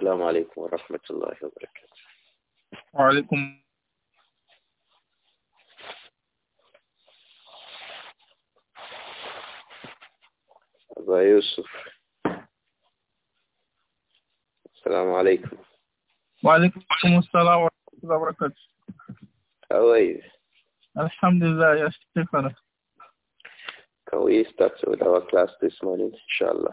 السلام عليكم ورحمة الله وبركاته وعليكم أبا يوسف السلام عليكم وعليكم السلام ورحمة الله وبركاته How are you? Alhamdulillah, yes, Stefano. Can we start with our class this morning, inshallah?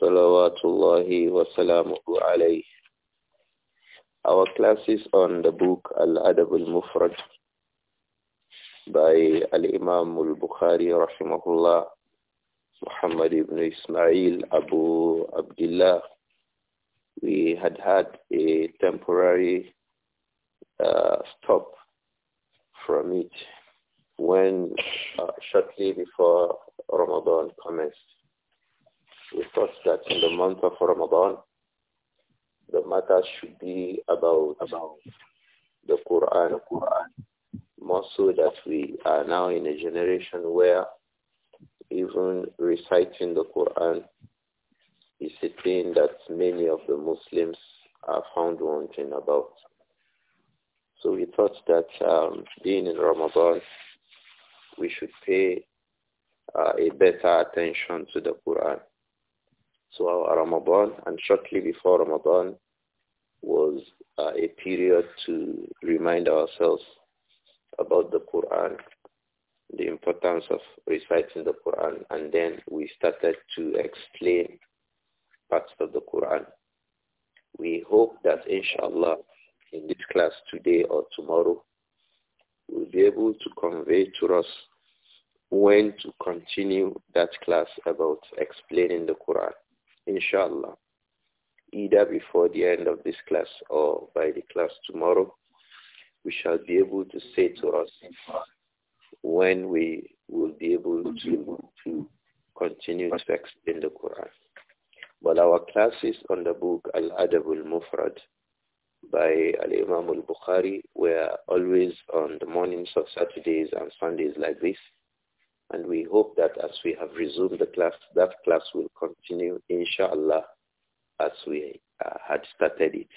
صلوات الله وسلامه عليه Our classes on the book Al-Adab al-Mufrad by Al-Imam al-Bukhari rahimahullah Muhammad ibn Ismail Abu Abdullah we had had a temporary uh, stop from it when uh, shortly before Ramadan commenced we thought that in the month of Ramadan, the matter should be about, about the Quran, the Quran, more so that we are now in a generation where even reciting the Quran is a thing that many of the Muslims are found wanting about. So we thought that um, being in Ramadan, we should pay uh, a better attention to the Quran. So our Ramadan and shortly before Ramadan was uh, a period to remind ourselves about the Quran, the importance of reciting the Quran, and then we started to explain parts of the Quran. We hope that inshallah in this class today or tomorrow we will be able to convey to us when to continue that class about explaining the Quran inshallah, either before the end of this class or by the class tomorrow, we shall be able to say to us when we will be able to, to continue to explain the Quran. But our classes on the book Al-Adab al-Mufrad by Al-Imam al-Bukhari. We are always on the mornings of Saturdays and Sundays like this. And we hope that as we have resumed the class, that class will continue, inshallah, as we uh, had started it.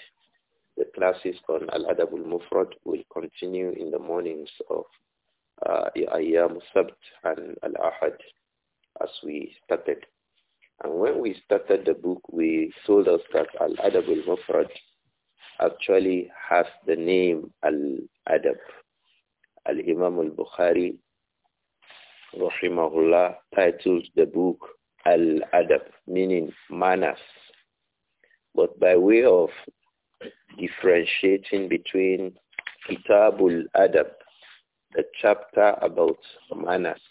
The classes on Al-Adab al-Mufrad will continue in the mornings of uh, Ayyam Sabt and Al-Ahad as we started. And when we started the book, we told us that Al-Adab al-Mufrad actually has the name Al-Adab. Al-Imam al-Bukhari rahimahullah, titles the book Al-Adab, meaning manners. But by way of differentiating between Kitabul Adab, the chapter about manners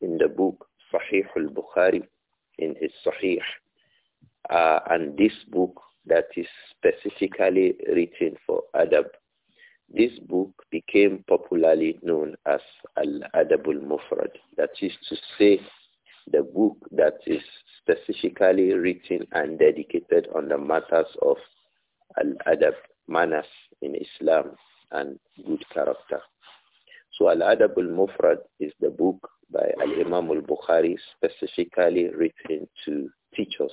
in the book Sahih al-Bukhari, in his Sahih, uh, and this book that is specifically written for adab this book became popularly known as Al-Adabul Mufrad. That is to say, the book that is specifically written and dedicated on the matters of Al-Adab, manners in Islam, and good character. So al adabul mufrad is the book by Al-Imam al-Bukhari specifically written to teach us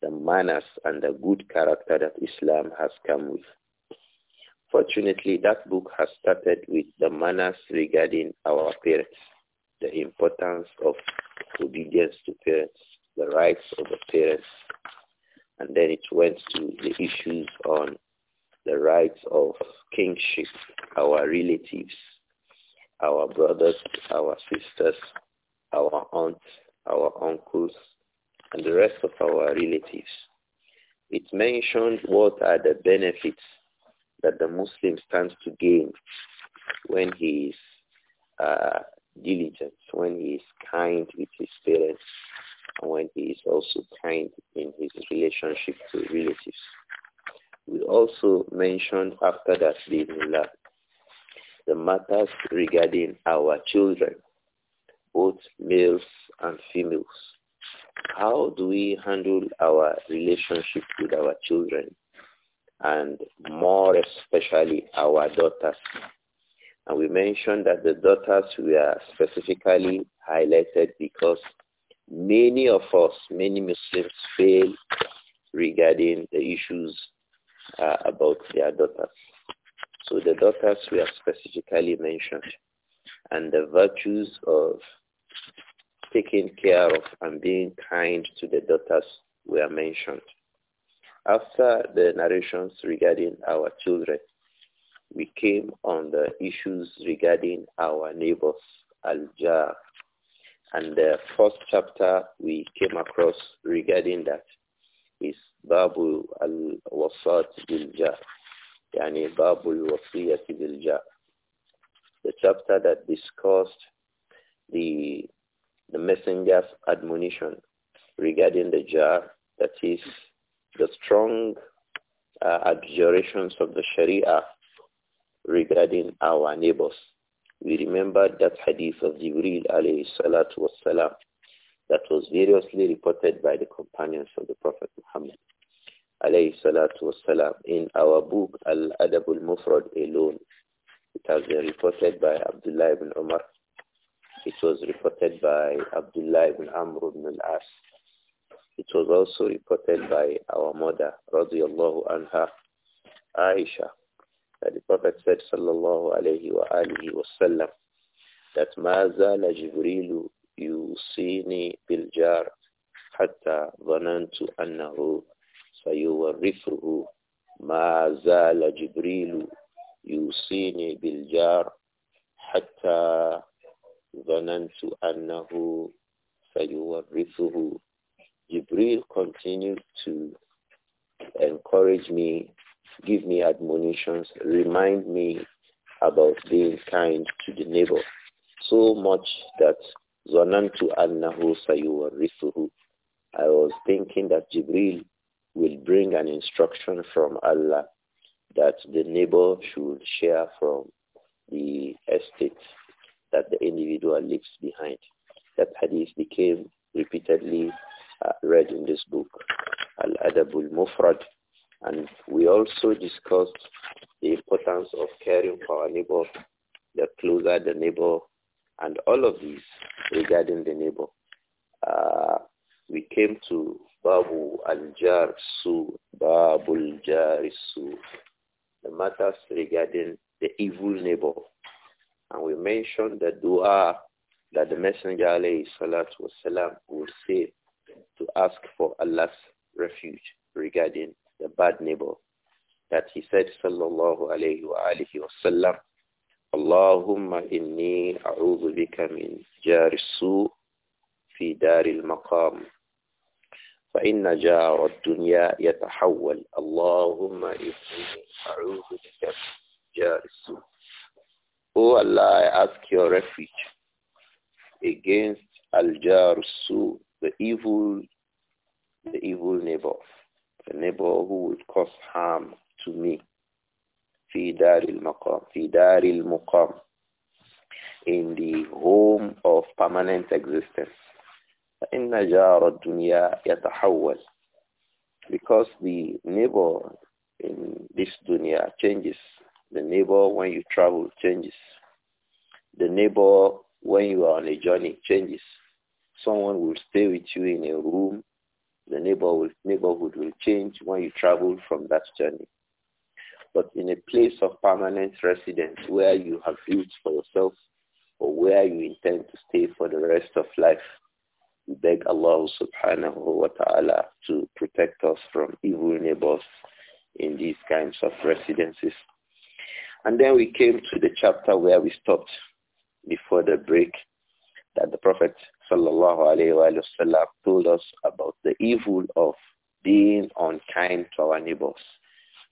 the manners and the good character that Islam has come with. Fortunately, that book has started with the manners regarding our parents, the importance of obedience to parents, the rights of the parents, and then it went to the issues on the rights of kingship, our relatives, our brothers, our sisters, our aunts, our uncles, and the rest of our relatives. It mentioned what are the benefits that the Muslim stands to gain when he is uh, diligent, when he is kind with his parents, and when he is also kind in his relationship to relatives. We also mentioned after that, Bismillah, the matters regarding our children, both males and females. How do we handle our relationship with our children? and more especially our daughters. And we mentioned that the daughters were specifically highlighted because many of us, many Muslims fail regarding the issues uh, about their daughters. So the daughters were specifically mentioned and the virtues of taking care of and being kind to the daughters were mentioned. After the narrations regarding our children, we came on the issues regarding our neighbors, Al-Jar. And the first chapter we came across regarding that is Babu al-Wasat bil-Jar, yani Babu al-Wasiyat bil-Jar. The chapter that discussed the, the messenger's admonition regarding the jar, that is the strong uh, adjurations of the Sharia regarding our neighbors. We remember that hadith of Jibril alayhi salatu wasalam that was variously reported by the companions of the Prophet Muhammad alayhi salatu wasalam in our book al Adabul mufrad alone. It has been reported by Abdullah ibn Umar. It was reported by Abdullah ibn Amr ibn al-As. It was also reported by our mother, radiallahu anha, Aisha, that the Prophet said, sallallahu alayhi wa alihi wa sallam, that مَا زَالَ جِبْرِيلُ يُوصِينِي بِالْجَارِ حَتَّى ظَنَنْتُ أَنَّهُ سَيُوَرِّثُهُ ما زال جبريل يوصيني بالجار حتى ظننت أنه سيورثه ما زال جبريل يوصيني بالجار حتى ظننت انه Jibril continued to encourage me, give me admonitions, remind me about being kind to the neighbor so much that Zonantu Annahu Sayuwarisuhu. I was thinking that Jibril will bring an instruction from Allah that the neighbor should share from the estate that the individual leaves behind. That hadith became repeatedly uh, read in this book, Al-Adabul Mufrad. And we also discussed the importance of caring for our neighbor, the closer the neighbor, and all of these regarding the neighbor. Uh, we came to Babu al-Jar Su, Babu al-Jar Su, the matters regarding the evil neighbor. And we mentioned the dua that the Messenger alayhi salatu wasalam would say to ask for Allah's refuge regarding the bad neighbor that he said sallallahu alayhi wa alihi wasallam Allahumma inni a'udhu bika min jari su fi dari al-maqam fa inna jar ad-dunya yatahawwal Allahumma inni a'udhu bika min jari Allah I ask your refuge against al-jar the evil, the evil neighbor, the neighbor who would cause harm to me. في دار in the home of permanent existence. فإن جار الدنيا يتحول because the neighbor in this dunya changes. The neighbor when you travel changes. The neighbor when you are on a journey changes. Someone will stay with you in a room. The neighbor will, neighborhood will change when you travel from that journey. But in a place of permanent residence where you have built for yourself or where you intend to stay for the rest of life, we beg Allah subhanahu wa ta'ala to protect us from evil neighbors in these kinds of residences. And then we came to the chapter where we stopped before the break that the Prophet sallallahu alayhi wa told us about the evil of being unkind to our neighbors.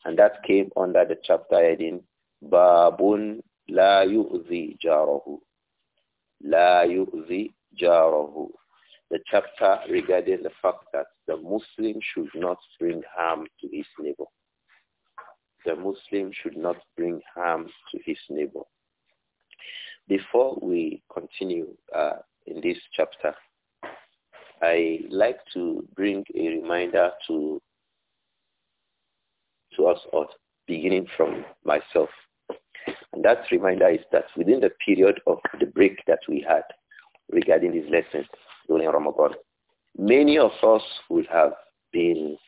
And that came under the chapter heading Babun La Yu'zi Jarahu. La Yu'zi Jarahu. The chapter regarding the fact that the Muslim should not bring harm to his neighbor. The Muslim should not bring harm to his neighbor. Before we continue, uh, in this chapter, I like to bring a reminder to to us all, beginning from myself. And that reminder is that within the period of the break that we had regarding these lessons during Ramadan, many of us would have been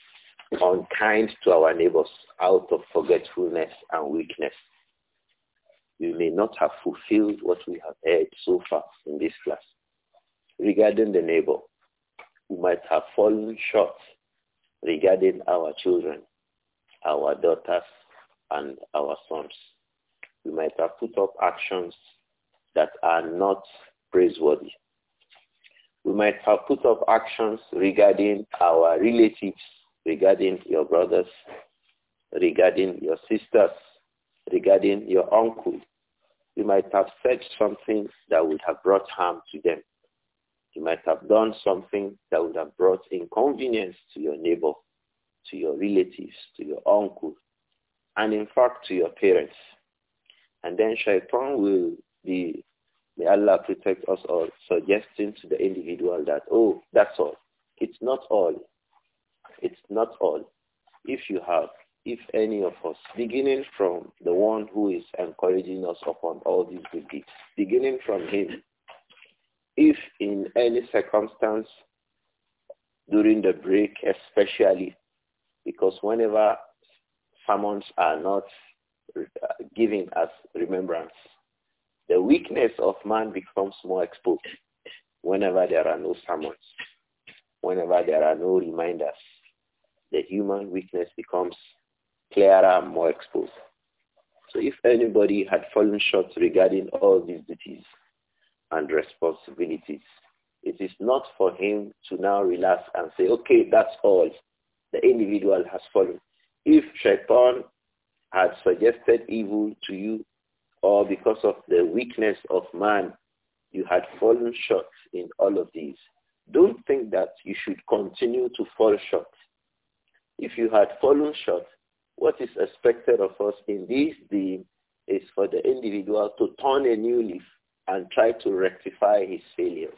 unkind to our neighbors out of forgetfulness and weakness. We may not have fulfilled what we have heard so far in this class regarding the neighbor. We might have fallen short regarding our children, our daughters, and our sons. We might have put up actions that are not praiseworthy. We might have put up actions regarding our relatives, regarding your brothers, regarding your sisters, regarding your uncle. We might have said something that would have brought harm to them. You might have done something that would have brought inconvenience to your neighbor, to your relatives, to your uncle, and in fact to your parents. And then shaitan will be, may Allah protect us all, suggesting to the individual that, oh, that's all. It's not all. It's not all. If you have, if any of us, beginning from the one who is encouraging us upon all these good deeds, beginning from him, if in any circumstance during the break especially, because whenever sermons are not uh, giving us remembrance, the weakness of man becomes more exposed whenever there are no sermons, whenever there are no reminders. The human weakness becomes clearer, more exposed. So if anybody had fallen short regarding all these duties, and responsibilities. It is not for him to now relax and say, okay, that's all. The individual has fallen. If shaitan had suggested evil to you or because of the weakness of man, you had fallen short in all of these. Don't think that you should continue to fall short. If you had fallen short, what is expected of us in this deen is for the individual to turn a new leaf and try to rectify his failures.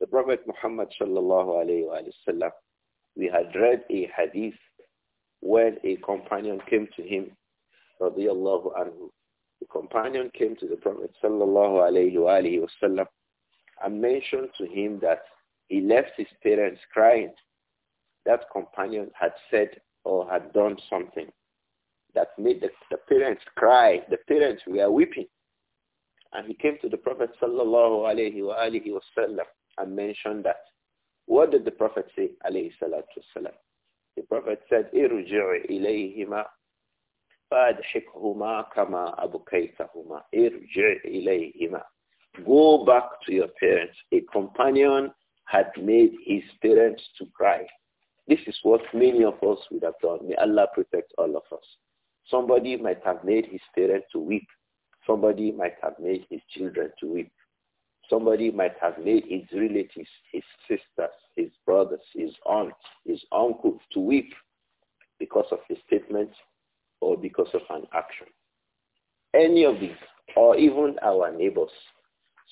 The Prophet Muhammad sallallahu alayhi wa sallam, we had read a hadith when a companion came to him, radiallahu anhu. The companion came to the Prophet sallallahu alayhi wa sallam, and mentioned to him that he left his parents crying. That companion had said or had done something that made the, the parents cry. The parents were weeping. And he came to the Prophet sallallahu alayhi wa and mentioned that. What did the Prophet say alayhi salatu The Prophet said, irji'i ilayhima fadhikhuma kama abukaytahuma. Irji'i ilayhima. Go back to your parents. A companion had made his parents to cry. This is what many of us would have done. May Allah protect all of us. Somebody might have made his parents to weep Somebody might have made his children to weep. Somebody might have made his relatives, his sisters, his brothers, his aunt, his uncle to weep because of a statement or because of an action. Any of these, or even our neighbors.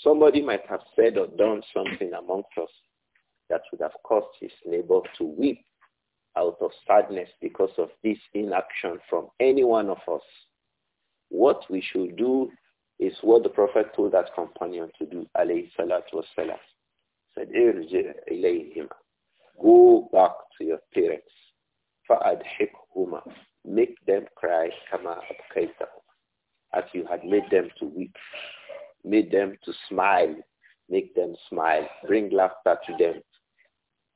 Somebody might have said or done something amongst us that would have caused his neighbor to weep out of sadness because of this inaction from any one of us. What we should do is what the Prophet told that companion to do, alayhi salatu wasalam. Said, ilayhima. Go back to your parents. Fa'adhikhuma. Make them cry kama As you had made them to weep. Made them to smile. Make them smile. Bring laughter to them.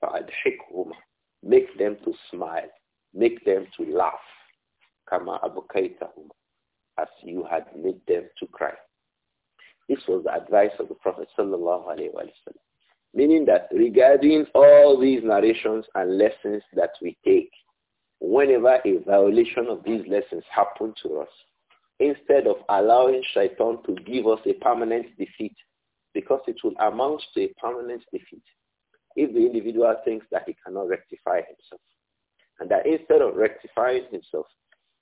Fa'adhikhuma. Make them to smile. Make them to laugh. Kama abkaitahuma as you had made them to cry. This was the advice of the Prophet sallallahu alaihi wasallam. Meaning that regarding all these narrations and lessons that we take, whenever a violation of these lessons happen to us, instead of allowing shaitan to give us a permanent defeat, because it will amount to a permanent defeat if the individual thinks that he cannot rectify himself. And that instead of rectifying himself,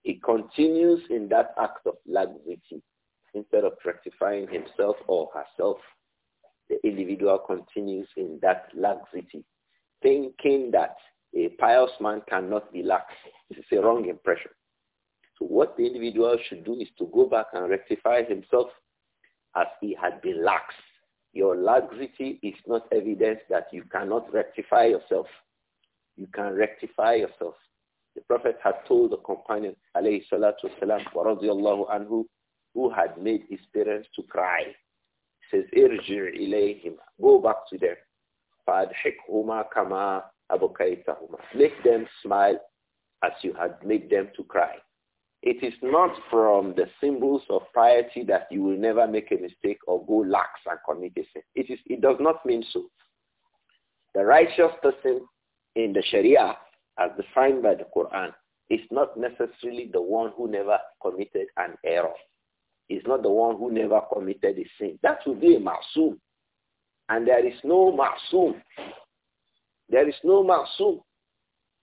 he continues in that act of laxity instead of rectifying himself or herself. The individual continues in that laxity, thinking that a pious man cannot be lax. This is a wrong impression. So what the individual should do is to go back and rectify himself as he had been lax. Your laxity is not evidence that you cannot rectify yourself. You can rectify yourself. The Prophet had told the companion, alayhi salatu wasalam, anhu, who had made his parents to cry. He says, irji' ilayhim, go back to them. Fadhikhuma kama abukaitahuma. Make them smile as you had made them to cry. It is not from the symbols of piety that you will never make a mistake or go lax and commit a sin. It, is, it does not mean so. The righteous person in the Sharia as defined by the Quran, is not necessarily the one who never committed an error. Is not the one who never committed a sin. That would be a ma'soom. And there is no ma'soom. There is no ma'soom.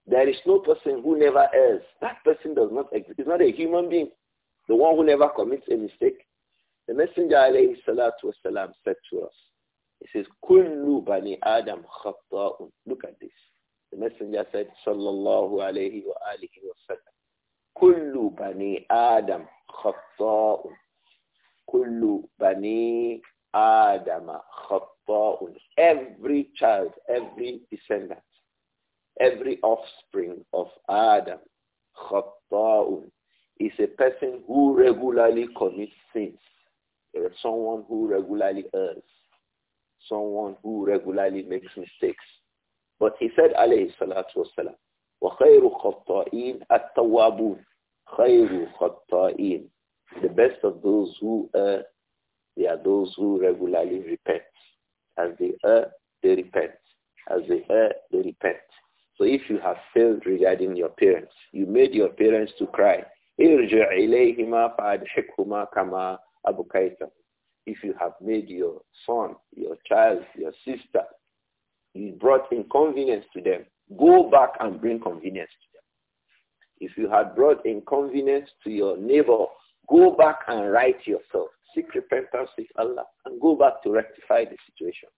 There is no person who never errs. That person does not exist. It's not a human being. The one who never commits a mistake. The Messenger alayhi salatu wasalam said to us, he says, Kullu bani Adam khatta'un. Look at this. The messenger said, Sallallahu alayhi wa alihi wa sallam, Kullu bani Adam khatta'un. Kullu bani Adam khatta'un. Every child, every descendant, every offspring of Adam khatta'un is a person who regularly commits sins. There is Someone who regularly errs. Someone who regularly makes mistakes but he said, alayhi salatu wasalam, وَخَيْرُ خَطَّائِينَ التَّوَّابُونَ خَيْرُ خَطَّائِينَ The best of those who err, they are those who regularly repent. As they err, they repent. As they err, they repent. So if you have failed regarding your parents, you made your parents to cry, if you have made your son, your child, your sister you brought inconvenience to them. Go back and bring convenience to them. If you had brought inconvenience to your neighbor, go back and right yourself. Seek repentance with Allah and go back to rectify the situation.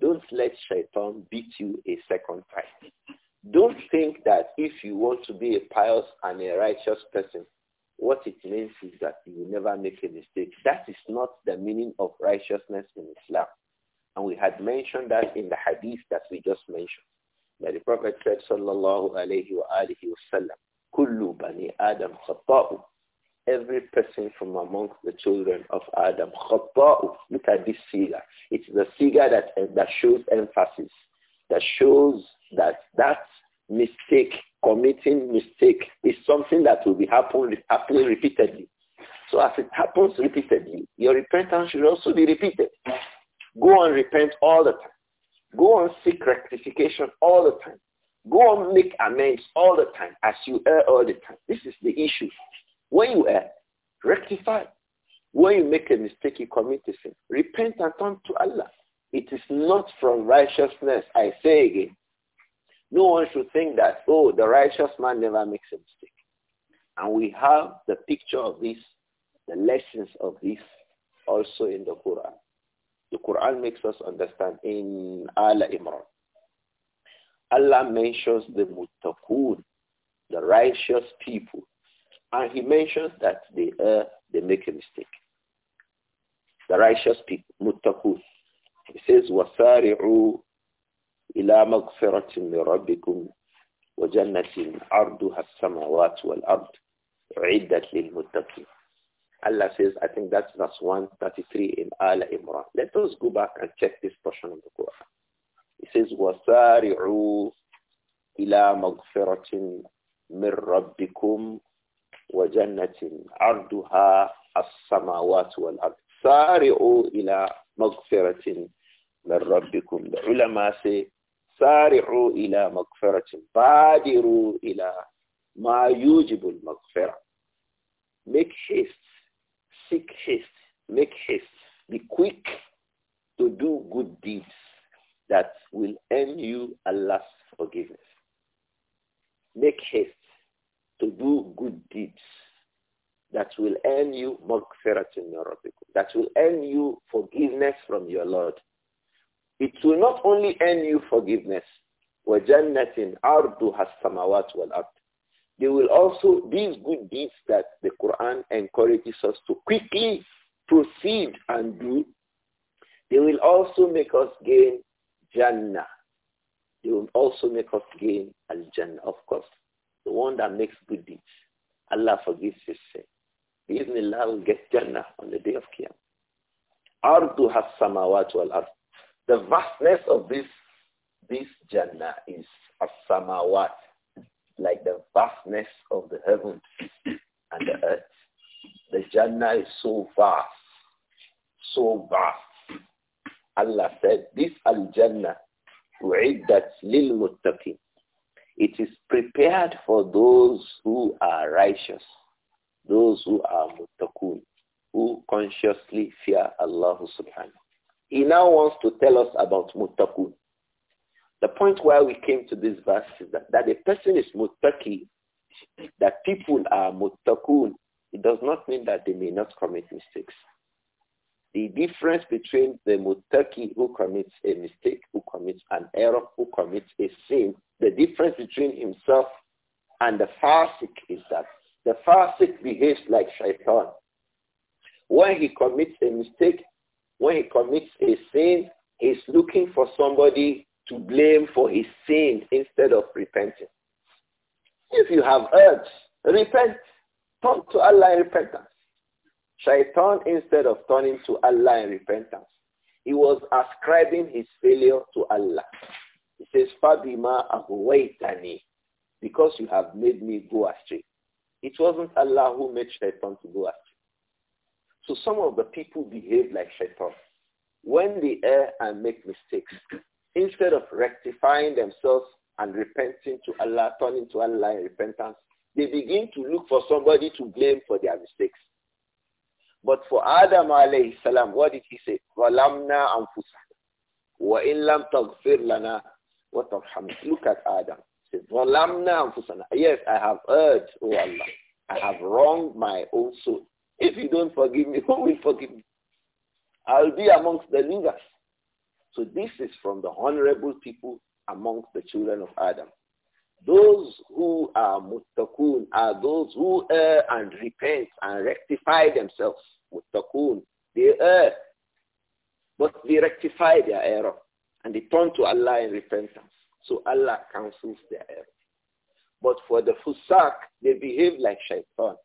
Don't let shaitan beat you a second time. Don't think that if you want to be a pious and a righteous person, what it means is that you will never make a mistake. That is not the meaning of righteousness in Islam. And we had mentioned that in the hadith that we just mentioned. That the Prophet said, sallallahu alayhi wa wa sallam, kullu bani Adam khata'u. Every person from amongst the children of Adam, khata'u. Look at this figure. It's the figure that, that shows emphasis, that shows that that mistake, committing mistake, is something that will be happen, happening repeatedly. So as it happens repeatedly, your repentance should also be repeated. Go and repent all the time. Go and seek rectification all the time. Go and make amends all the time as you err all the time. This is the issue. When you err, rectify. When you make a mistake, you commit a sin. Repent and turn to Allah. It is not from righteousness. I say again. No one should think that, oh, the righteous man never makes a mistake. And we have the picture of this, the lessons of this also in the Quran. The Quran makes us understand in Ala Imran. Allah mentions the muttaqun, the righteous people. And he mentions that they err, uh, they make a mistake. The righteous people, muttaqun. He says, وَسَارِعُوا إِلَى مَغْفِرَةٍ مِّن رَبِّكُمْ وَجَنَّةٍ عَرْضُهَا السَّمَاوَاتُ وَالْأَرْضُ عِدَّةٌ لِلْمُتَّقِينَ Allah says, I think that's verse 133 in Al Imran. Let us go back and check this portion of the Quran. It says, وَسَارِعُوا إِلَى مَغْفِرَةٍ مِّن رَبِّكُمْ وَجَنَّةٍ عَرْضُهَا السَّمَاوَاتُ وَالْأَرْضُ سَارِعُوا إِلَى مَغْفِرَةٍ مِّن رَبِّكُمْ The ulama say, سَارِعُوا إِلَى مَغْفِرَةٍ بَادِرُوا إِلَى مَا يُوجِبُ الْمَغْفِرَةِ Make haste Seek haste. Make haste. Be quick to do good deeds that will earn you Allah's forgiveness. Make haste to do good deeds that will earn you that will earn you forgiveness from your Lord. It will not only earn you forgiveness, وَجَنَّةٍ عَرْضُهَا السَّمَوَاتُ وَالْأَرْضُ they will also, these good deeds that the Quran encourages us to quickly proceed and do, they will also make us gain Jannah. They will also make us gain Al-Jannah, of course. The one that makes good deeds. Allah forgives his sin. Bismillah will get Jannah on the day of Qiyam. Ardu has samawat wal ard. The vastness of this, this Jannah is as samawat like the vastness of the heavens and the earth. The Jannah is so vast, so vast. Allah said, this Al-Jannah, uiddat lil muttaqin. It is prepared for those who are righteous, those who are muttaqun, who consciously fear Allah subhanahu. He now wants to tell us about muttaqun. The point why we came to this verse is that, that a person is mutaki, that people are mutakun, It does not mean that they may not commit mistakes. The difference between the mutaki who commits a mistake, who commits an error, who commits a sin, the difference between himself and the fasik is that the fasik behaves like shaitan. When he commits a mistake, when he commits a sin, he's looking for somebody to blame for his sin instead of repenting. If you have urge, repent. Turn to Allah in repentance. Shaitan, instead of turning to Allah in repentance, he was ascribing his failure to Allah. He says, Fabima ahuwaitani, because you have made me go astray. It wasn't Allah who made Shaitan to go astray. So some of the people behave like Shaitan. When they err and make mistakes, Instead of rectifying themselves and repenting to Allah, turning to Allah in repentance, they begin to look for somebody to blame for their mistakes. But for Adam alayhi salam, what did he say? وَلَمْنَا أَنفُسَنَا وَإِن لَمْ تَغْفِرْ لَنَا وَتَرْحَمْنَا Look at Adam. He said, أَنفُسَنَا Yes, I have erred, O oh Allah. I have wronged my own soul. If you don't forgive me, who will forgive me? I'll be amongst the losers. So this is from the honorable people amongst the children of Adam. Those who are muttaqun are those who err and repent and rectify themselves. Muttaqun, they err, but they rectify their error and they turn to Allah in repentance. So Allah cancels their error. But for the fusak, they behave like shaitan.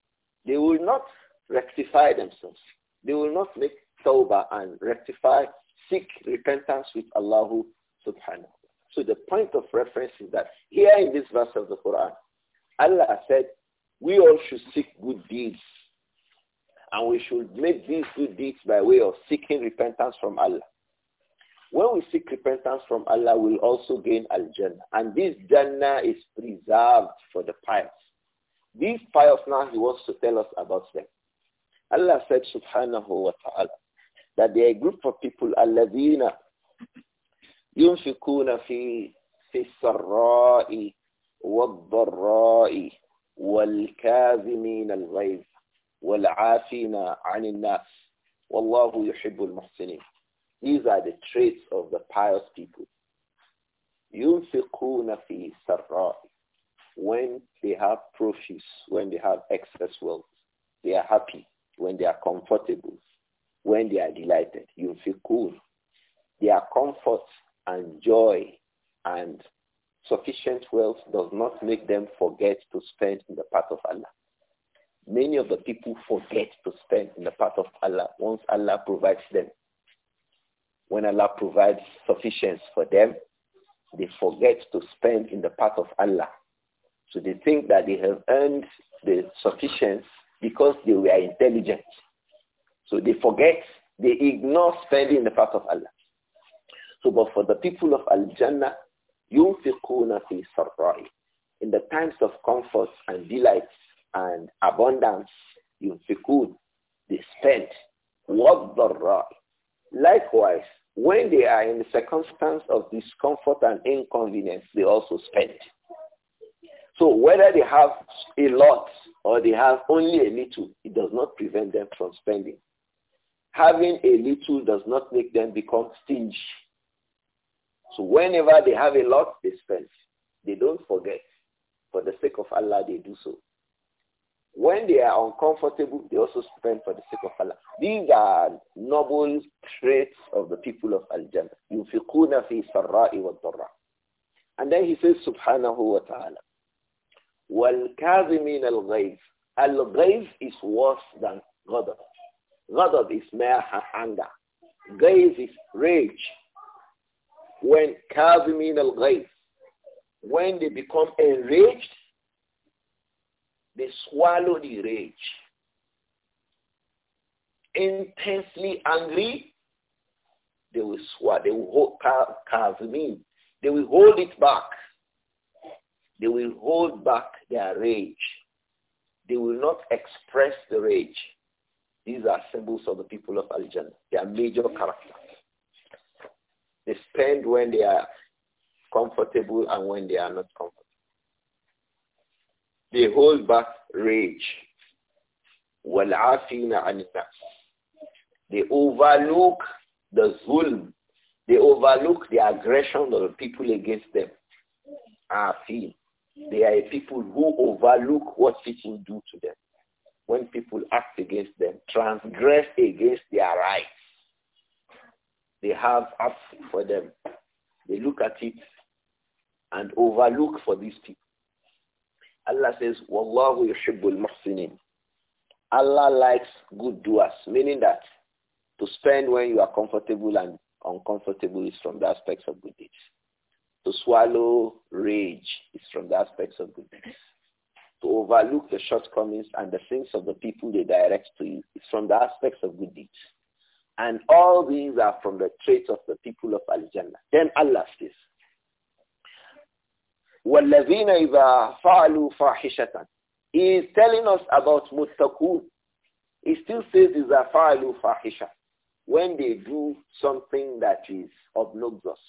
They will not rectify themselves. They will not make tawbah and rectify seek repentance with Allah subhanahu. So the point of reference is that here in this verse of the Quran, Allah said, we all should seek good deeds. And we should make these good deeds by way of seeking repentance from Allah. When we seek repentance from Allah, we'll also gain Al-Jannah. And this Jannah is preserved for the pious. These pious now, he wants to tell us about them. Allah said, subhanahu wa ta'ala, that there are a group of people, الذين ينفقون في في السراء والضراء والكاظمين الغيظ والعافين عن الناس والله يحب المحسنين. These are the traits of the pious people. ينفقون في السراء when they have profits, when they have excess wealth. They are happy when they are comfortable when they are delighted. You feel cool. Their comfort and joy and sufficient wealth does not make them forget to spend in the path of Allah. Many of the people forget to spend in the path of Allah once Allah provides them. When Allah provides sufficiency for them, they forget to spend in the path of Allah. So they think that they have earned the sufficiency because they were intelligent. So they forget, they ignore spending the path of Allah. So but for the people of Al-Jannah, يُنْفِقُونَ فِي سَرَّائِ In the times of comfort and delights and abundance, يُنْفِقُونَ They spend. right. Likewise, when they are in the circumstance of discomfort and inconvenience, they also spend. So whether they have a lot or they have only a little, it does not prevent them from spending having a little does not make them become stingy. So whenever they have a lot, they spend. They don't forget. For the sake of Allah, they do so. When they are uncomfortable, they also spend for the sake of Allah. These are noble traits of the people of Al-Jannah. And then he says, subhanahu wa ta'ala, والكاظمين min الْغَيْظِ Al-Ghayz is worse than غضب Ghadab is mere anger. Gaze is rage. When Kazimin al grace, when they become enraged, they swallow the rage. Intensely angry, they will swallow, they will hold Kazimin. They will hold it back. They will hold back their rage. They will not express the rage these are symbols of the people of Algiers. They are major characters. They spend when they are comfortable and when they are not comfortable. They hold back rage. They overlook the zulm. They overlook the aggression of the people against them. They are a people who overlook what people do to them when people act against them, transgress against their rights. They have up for them. They look at it and overlook for these people. Allah says, Wallahu yuhibbul muhsinin. Allah likes good doers, meaning that to spend when you are comfortable and uncomfortable is from the aspects of good deeds. To swallow rage is from the aspects of good deeds to overlook the shortcomings and the sins of the people they direct to you is from the aspects of good deeds. And all these are from the traits of the people of Al-Jannah. Then Allah says, وَالَّذِينَ إِذَا فَعَلُوا فَاحِشَةً He is telling us about muttaqun. He still says إِذَا فَعَلُوا فَاحِشَةً When they do something that is obnoxious,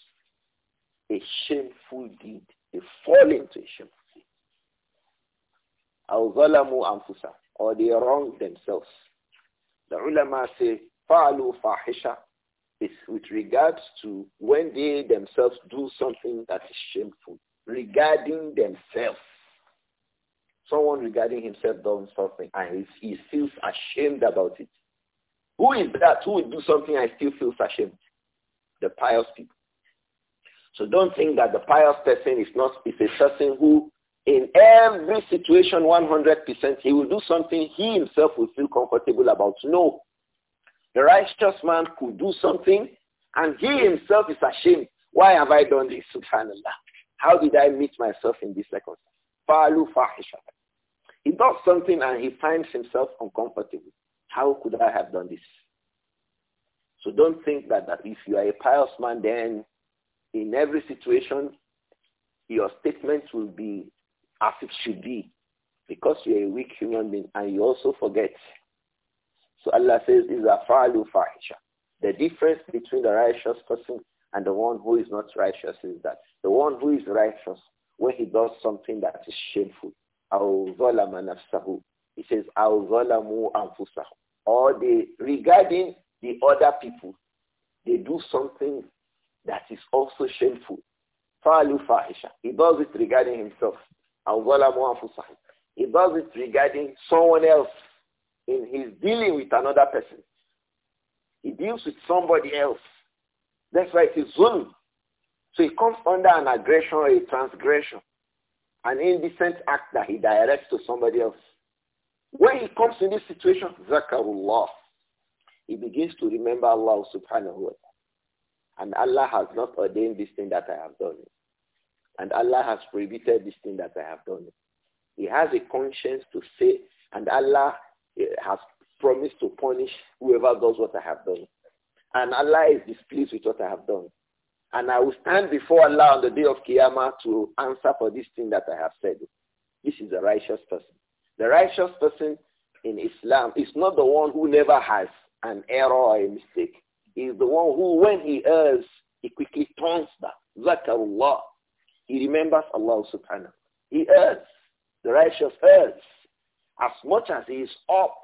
a shameful deed, they fall into a shameful Al-zalamu أنفسهم or they wrong themselves. The ulama say فعلوا fahisha, is with regards to when they themselves do something that is shameful regarding themselves. Someone regarding himself does something and he, he feels ashamed about it. Who is that who would do something and still feels ashamed? The pious people. So don't think that the pious person is not is a person who in every situation 100%, he will do something he himself will feel comfortable about. No. The righteous man could do something and he himself is ashamed. Why have I done this? Subhanallah. How did I meet myself in this circumstance? He does something and he finds himself uncomfortable. How could I have done this? So don't think that, that if you are a pious man, then in every situation, your statements will be as it should be because you're a weak human being and you also forget. So Allah says, is a fa'alu fahisha. The difference between the righteous person and the one who is not righteous is that the one who is righteous, when he does something that is shameful, he says, or they, regarding the other people, they do something that is also shameful. Fa'alu fahisha. He does it regarding himself. أو ظلموا أنفسهم. He does it regarding someone else in his dealing with another person. He deals with somebody else. That's why it is zulm. So it comes under an aggression or a transgression, an indecent act that he directs to somebody else. When he comes in this situation, zakarullah, he begins to remember Allah subhanahu wa ta'ala. And Allah has not ordained this thing that I have done and Allah has prohibited this thing that I have done. He has a conscience to say, and Allah eh, has promised to punish whoever does what I have done. And Allah is displeased with what I have done. And I will stand before Allah on the day of Qiyamah to answer for this thing that I have said. This is a righteous person. The righteous person in Islam is not the one who never has an error or a mistake. He is the one who, when he errs, he quickly turns back. Zakarullah. He remembers Allah subhanahu. He earns, the righteous earns. As much as he is up,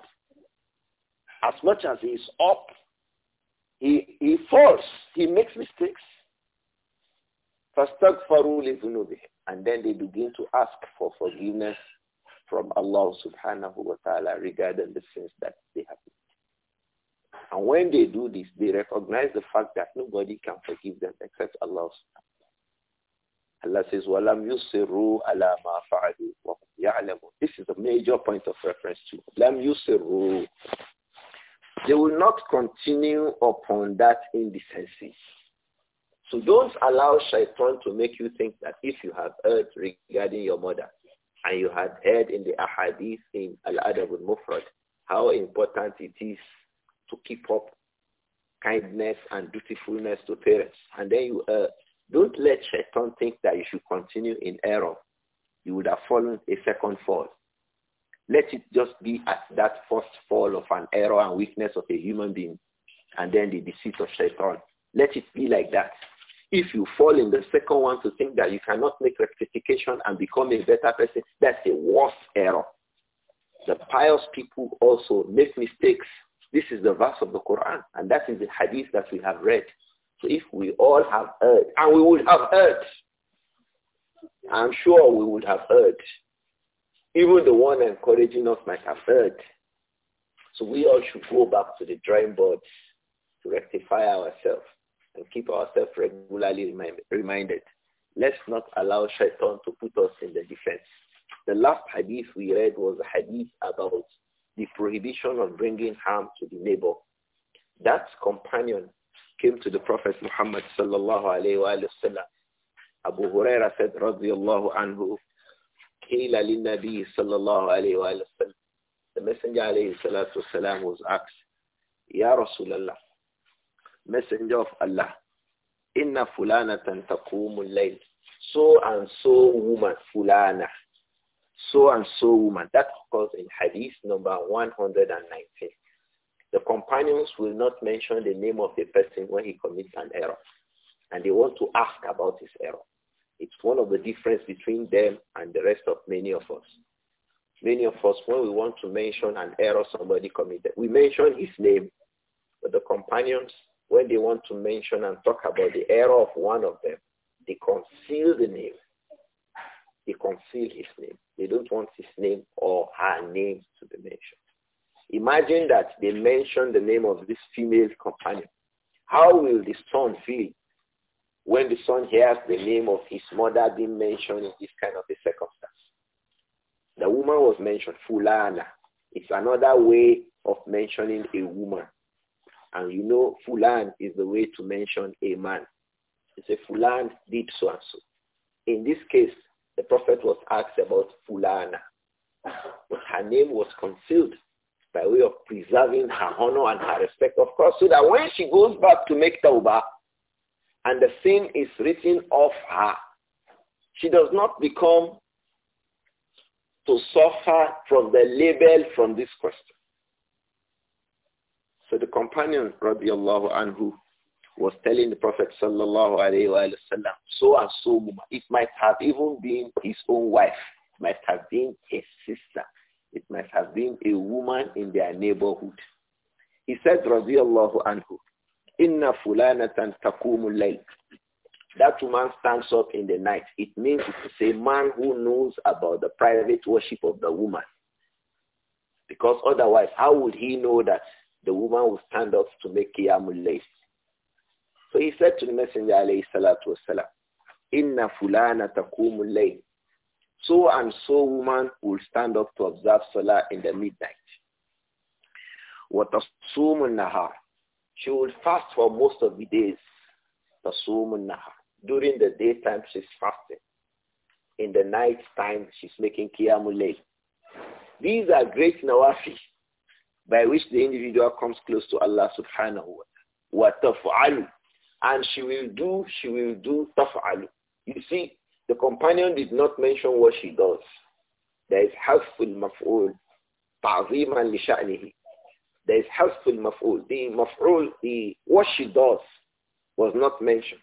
as much as he is up, he, he falls, he makes mistakes. And then they begin to ask for forgiveness from Allah subhanahu wa ta'ala regarding the sins that they have made. And when they do this, they recognize the fact that nobody can forgive them except Allah Allah says, This is a major point of reference to. لَمْ They will not continue upon that indecency. So don't allow shaitan to make you think that if you have heard regarding your mother, and you had heard in the ahadith in Al-Adab al-Mufrad how important it is to keep up kindness and dutifulness to parents. And then you heard. Uh, don't let Shaitan think that you should continue in error. You would have fallen a second fall. Let it just be at that first fall of an error and weakness of a human being and then the deceit of Shaitan. Let it be like that. If you fall in the second one to think that you cannot make rectification and become a better person, that's a worse error. The pious people also make mistakes. This is the verse of the Quran, and that is the hadith that we have read if we all have heard, and we would have heard, I'm sure we would have heard. Even the one encouraging us might have heard. So we all should go back to the drawing board to rectify ourselves and keep ourselves regularly reminded. Let's not allow shaitan to put us in the defense. The last hadith we read was a hadith about the prohibition of bringing harm to the neighbor. That companion came to the Prophet Muhammad sallallahu alayhi wa sallam. Abu Huraira said, radiyallahu anhu, قِيلَ لِلنَّبِي sallallahu alayhi wa sallam. The Messenger alayhi salatu wasalam was asked, Ya Rasulallah, Messenger of Allah, inna fulanatan taqumul layl. So and so woman, fulana. So and so woman. That occurs in hadith number 119. The companions will not mention the name of the person when he commits an error. And they want to ask about his error. It's one of the difference between them and the rest of many of us. Many of us, when we want to mention an error somebody committed, we mention his name. But the companions, when they want to mention and talk about the error of one of them, they conceal the name. They conceal his name. They don't want his name or her name to be mentioned. Imagine that they mention the name of this female companion. How will the son feel when the son hears the name of his mother being mentioned in this kind of a circumstance? The woman was mentioned, Fulana. It's another way of mentioning a woman. And you know, Fulan is the way to mention a man. It's a Fulan did so and so. In this case, the prophet was asked about Fulana. But her name was concealed by way of preserving her honor and her respect, of course, so that when she goes back to make tawbah and the sin is written off her, she does not become to suffer from the label from this question. So the companion, radiallahu anhu, was telling the Prophet sallallahu alayhi wa sallam, so and so, it might have even been his own wife, it might have been his sister, it must have been a woman in their neighborhood. He said, Radiallahu anhu, Inna fulanatan takumul layl. That woman stands up in the night. It means it's a man who knows about the private worship of the woman. Because otherwise, how would he know that the woman will stand up to make Qiyamul Layl? So he said to the Messenger, alayhi salatu wasalam, Inna fulana takumul layl so and so woman will stand up to observe Salah in the midnight. What وَتَصُومُ nahar. She will fast for most of the days. The nahar. During the daytime, she's fasting. In the night time, she's making kiamulay. These are great nawafi by which the individual comes close to Allah subhanahu wa ta'ala. And she will do, she will do taf'alu. You see, the companion did not mention what she does. There is hasful maf'ul, ta'ziman li sha'nihi. There is hasful maf'ul. The maf'ul, the, what she does was not mentioned.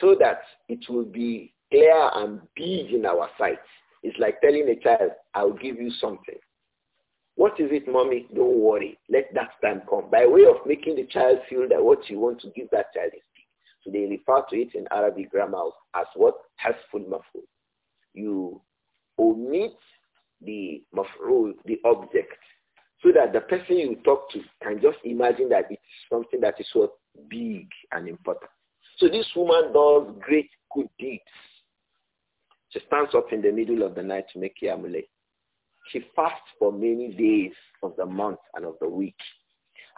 So that it will be clear and big in our sight. It's like telling a child, I'll give you something. What is it, mommy? Don't worry. Let that time come. By way of making the child feel that what you want to give that child is they refer to it in Arabic grammar as what? Hasful maf'ul. You omit the maf'ul, the object, so that the person you talk to can just imagine that it's something that is what? Big and important. So this woman does great good deeds. She stands up in the middle of the night to make Yamule. She fasts for many days of the month and of the week.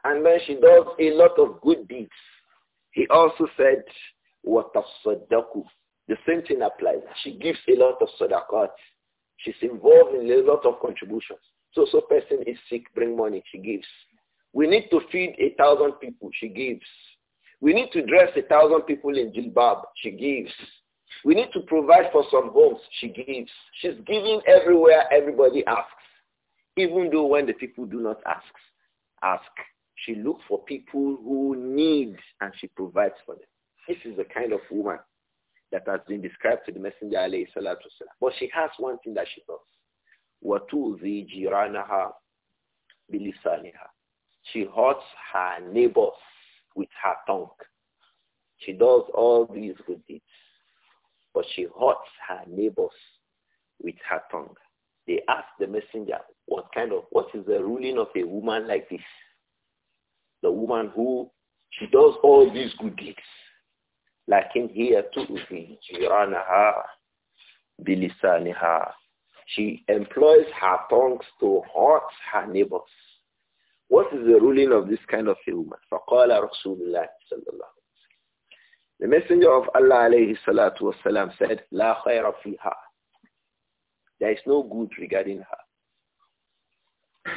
And then she does a lot of good deeds he also said, وَتَصَّدَّقُ The same thing applies. She gives a lot of sadaqat. She's involved in a lot of contributions. So, so person is sick, bring money, she gives. We need to feed a thousand people, she gives. We need to dress a thousand people in jilbab, she gives. We need to provide for some homes, she gives. She's giving everywhere everybody asks, even though when the people do not ask, ask. She looks for people who need and she provides for them. This is the kind of woman that has been described to the Messenger alayhi salatu But she has one thing that she does. وَتُؤْذِي jiranah bilisaniha. She hurts her neighbors with her tongue. She does all these good deeds, but she hurts her neighbors with her tongue. They asked the messenger, what kind of, what is the ruling of a woman like this? the woman who she does all these good deeds. لكن هي تؤذي جيرانها بلسانها. She employs her tongues to hurt her neighbors. What is the ruling of this kind of a woman? The messenger of Allah said, "La خير fiha." There is no good regarding her.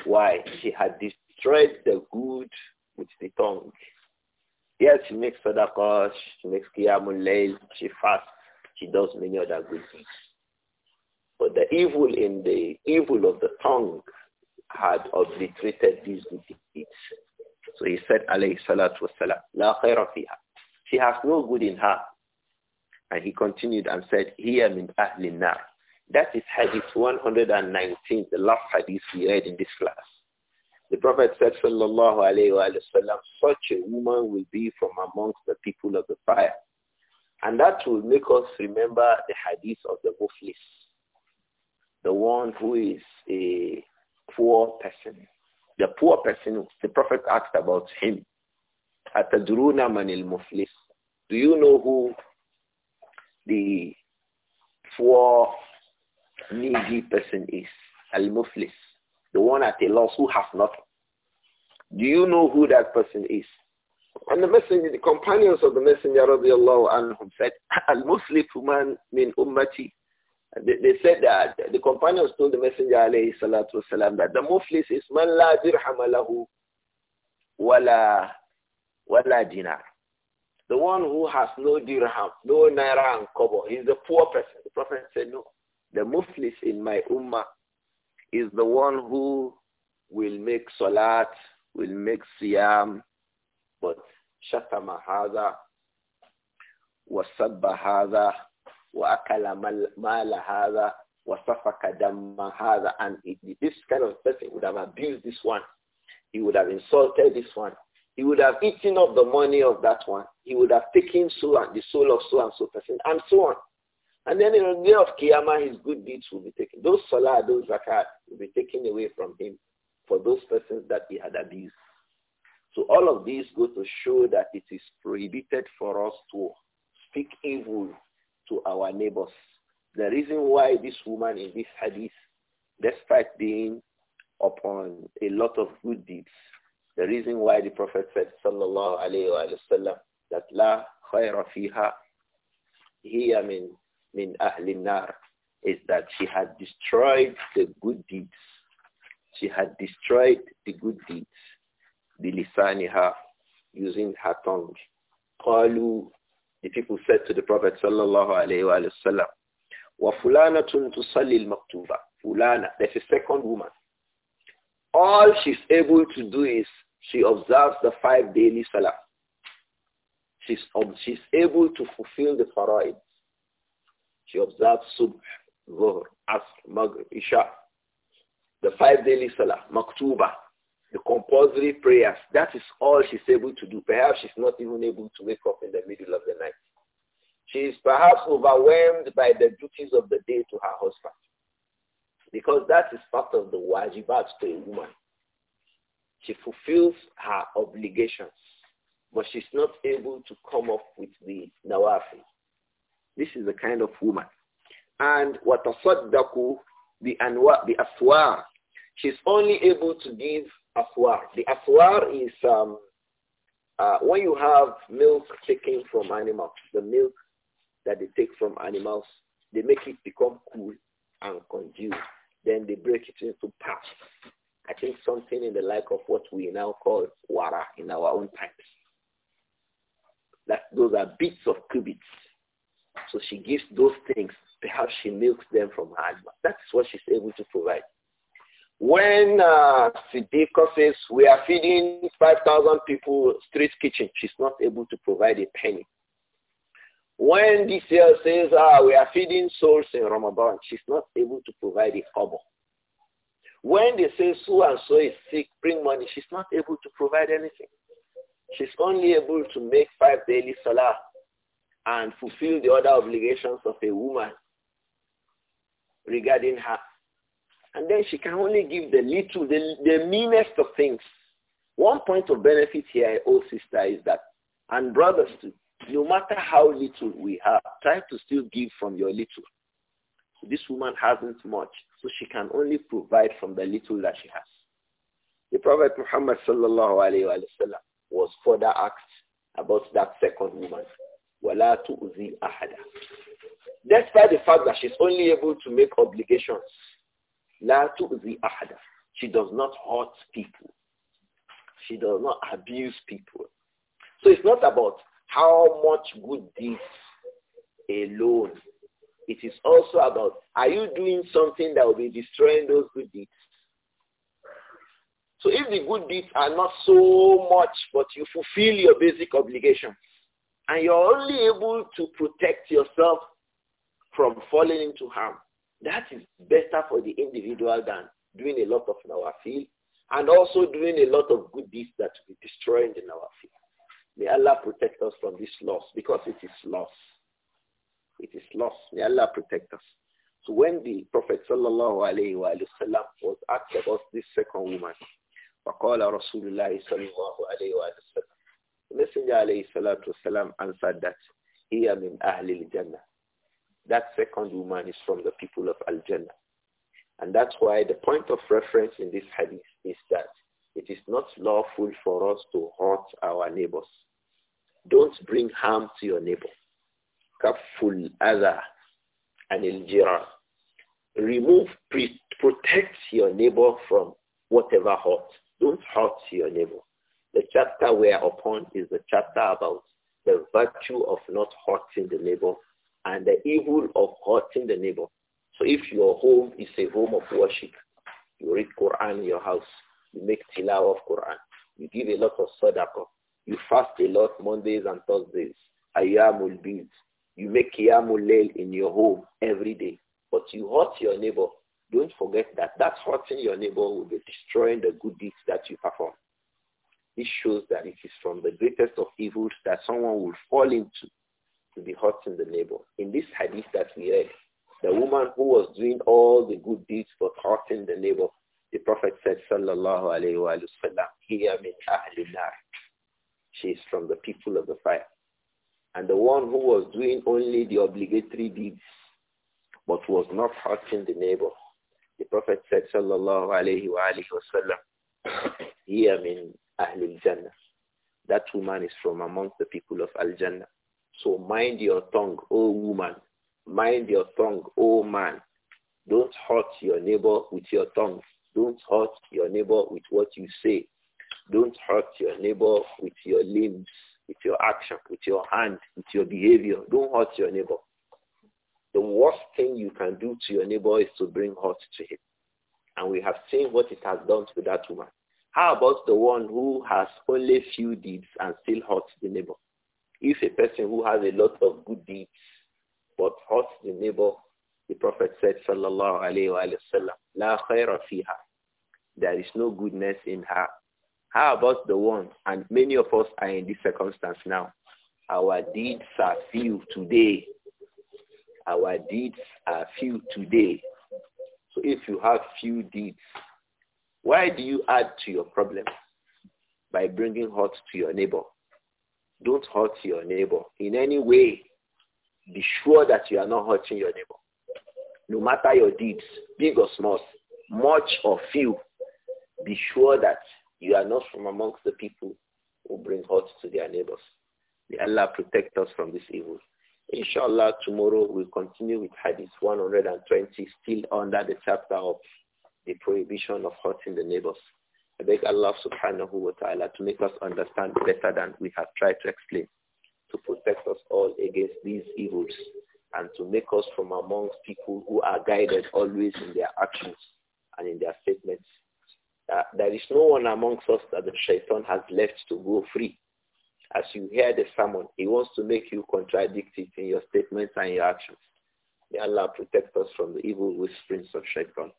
Why? She had destroyed the good with the tongue. Yes, she makes sadaqah, she makes qiyamul layl, she fasts, she does many other good things. But the evil in the evil of the tongue had obliterated these good deeds. So he said, alayhi salatu wasalam, la khayra fiha. She has no good in her. And he continued and said, Here min ahlin nar. That is hadith 119, the last hadith we read in this class. The Prophet said, sallallahu alayhi wa sallam, such a woman will be from amongst the people of the fire. And that will make us remember the hadith of the Muflis, the one who is a poor person. The poor person, the Prophet asked about him. Atadruna manil Muflis. Do you know who the poor, needy person is? Al-Muflis the one at a loss who has nothing. Do you know who that person is? And the messenger, the companions of the messenger radiallahu anhum said, Al-Muslifu man min ummati. They, said that the companions told the messenger alayhi salatu wasalam that the muflis is man la dirham lahu wala, wala dinar. The one who has no dirham, no naira and kobo, he's a poor person. The prophet said, no. The muflis in my ummah is the one who will make salat, will make siyam, but shatama hadha, wasabba hadha, وأكل مال هذا وسفك دم هذا and it, this kind of person would have abused this one he would have insulted this one he would have eaten up the money of that one he would have taken so and the soul of so and so person and so on and then in the day of Qiyamah, his good deeds will be taken. Those salah, those zakat will be taken away from him for those persons that he had abused. So all of these go to show that it is prohibited for us to speak evil to our neighbors. The reason why this woman in this hadith, despite being upon a lot of good deeds, the reason why the Prophet said, sallallahu alayhi wa sallam, that la khayra fiha I mean, min ahli nar is that she had destroyed the good deeds. She had destroyed the good deeds. Bilisaniha, using her tongue. Qalu, the people said to the Prophet sallallahu alayhi wa sallam, wa fulanatun tusalli maktuba Fulana, there's a second woman. All she's able to do is she observes the five daily salah. She's, she's able to fulfill the fara'id. She observes Subh, Zuhr, Asr, Maghrib, Isha. The five daily Salah, Maktuba, the compulsory prayers. That is all she's able to do. Perhaps she's not even able to wake up in the middle of the night. She is perhaps overwhelmed by the duties of the day to her husband. Because that is part of the wajibat to a woman. She fulfills her obligations, but she's not able to come up with the nawafi. This is the kind of woman. And anwa the aswar. She's only able to give aswar. The aswar is um, uh, when you have milk taken from animals, the milk that they take from animals, they make it become cool and congealed. Then they break it into parts. I think something in the like of what we now call wara in our own times. That those are bits of cubits so she gives those things. Perhaps she milks them from her husband. That's what she's able to provide. When uh, says, we are feeding 5,000 people street kitchen, she's not able to provide a penny. When DCL says, ah, we are feeding souls in Ramadan, she's not able to provide a kobo. When they say so and so is sick, bring money, she's not able to provide anything. She's only able to make five daily salah and fulfill the other obligations of a woman regarding her. And then she can only give the little, the, the meanest of things. One point of benefit here, old sister, is that, and brothers too, no matter how little we have, try to still give from your little. this woman hasn't much, so she can only provide from the little that she has. The Prophet Muhammad sallallahu alayhi wa was further asked about that second woman. وَلَا تُؤْذِي أَحَدًا Despite the fact that she's only able to make obligations, لَا تُؤْذِي أَحَدًا She does not hurt people. She does not abuse people. So it's not about how much good deeds alone. It is also about, are you doing something that will be destroying those good deeds? So if the good deeds are not so much, but you fulfill your basic obligations. And you're only able to protect yourself from falling into harm. That is better for the individual than doing a lot of nawafil and also doing a lot of good deeds that will be destroying the nawafil. May Allah protect us from this loss because it is loss. It is loss. May Allah protect us. So when the Prophet sallallahu alayhi wa sallam was asked about this second woman, فقال رسول الله صلى الله عليه وسلم Messenger alayhi salatu wasalam answered that, Hiya min ahli jannah That second woman is from the people of Al-Jannah. And that's why the point of reference in this hadith is that it is not lawful for us to hurt our neighbors. Don't bring harm to your neighbor. Kaful adha anil jiran. Remove, protect your neighbor from whatever hurt. Don't hurt your neighbor. The chapter we are upon is the chapter about the virtue of not hurting the neighbor and the evil of hurting the neighbor. So if your home is a home of worship, you read Quran in your house, you make tilaw of Quran, you give a lot of sadaqah, you fast a lot Mondays and Thursdays, ayamul bid, you make qiyamul layl in your home every day, but you hurt your neighbor, don't forget that that hurting your neighbor will be destroying the good deeds that you perform. This shows that it is from the greatest of evils that someone will fall into to be hurting the neighbor. In this hadith that we read, the woman who was doing all the good deeds but hurting the neighbor, the Prophet said, Sallallahu Alaihi Wasallam, Hiya She is from the people of the fire. And the one who was doing only the obligatory deeds but was not hurting the neighbor, the Prophet said, Sallallahu Alaihi Wasallam, Hiya min Ahlul Jannah. That woman is from amongst the people of Al-Jannah. So mind your tongue, O woman. Mind your tongue, O man. Don't hurt your neighbor with your tongue. Don't hurt your neighbor with what you say. Don't hurt your neighbor with your limbs, with your action, with your hand, with your behavior. Don't hurt your neighbor. The worst thing you can do to your neighbor is to bring hurt to him. And we have seen what it has done to that woman. How about the one who has only few deeds and still hurts the neighbor? If a person who has a lot of good deeds but hurts the neighbor, the Prophet said, Sallallahu Alaihi Wasallam, La khaira fiha. There is no goodness in her. How about the one, and many of us are in this circumstance now. Our deeds are few today. Our deeds are few today. So if you have few deeds, why do you add to your problems? By bringing hurt to your neighbor. Don't hurt your neighbor in any way. Be sure that you are not hurting your neighbor. No matter your deeds, big or small, much or few, be sure that you are not from amongst the people who bring hurt to their neighbors. May Allah protect us from this evil. Inshallah, tomorrow we'll continue with Hadith 120, still under the chapter of the prohibition of hurting the neighbors. I beg Allah subhanahu wa ta'ala to make us understand better than we have tried to explain, to protect us all against these evils and to make us from amongst people who are guided always in their actions and in their statements. Uh, there is no one amongst us that the shaitan has left to go free. As you hear the sermon, he wants to make you contradict it in your statements and your actions. May Allah protect us from the evil whisperings of shaitan.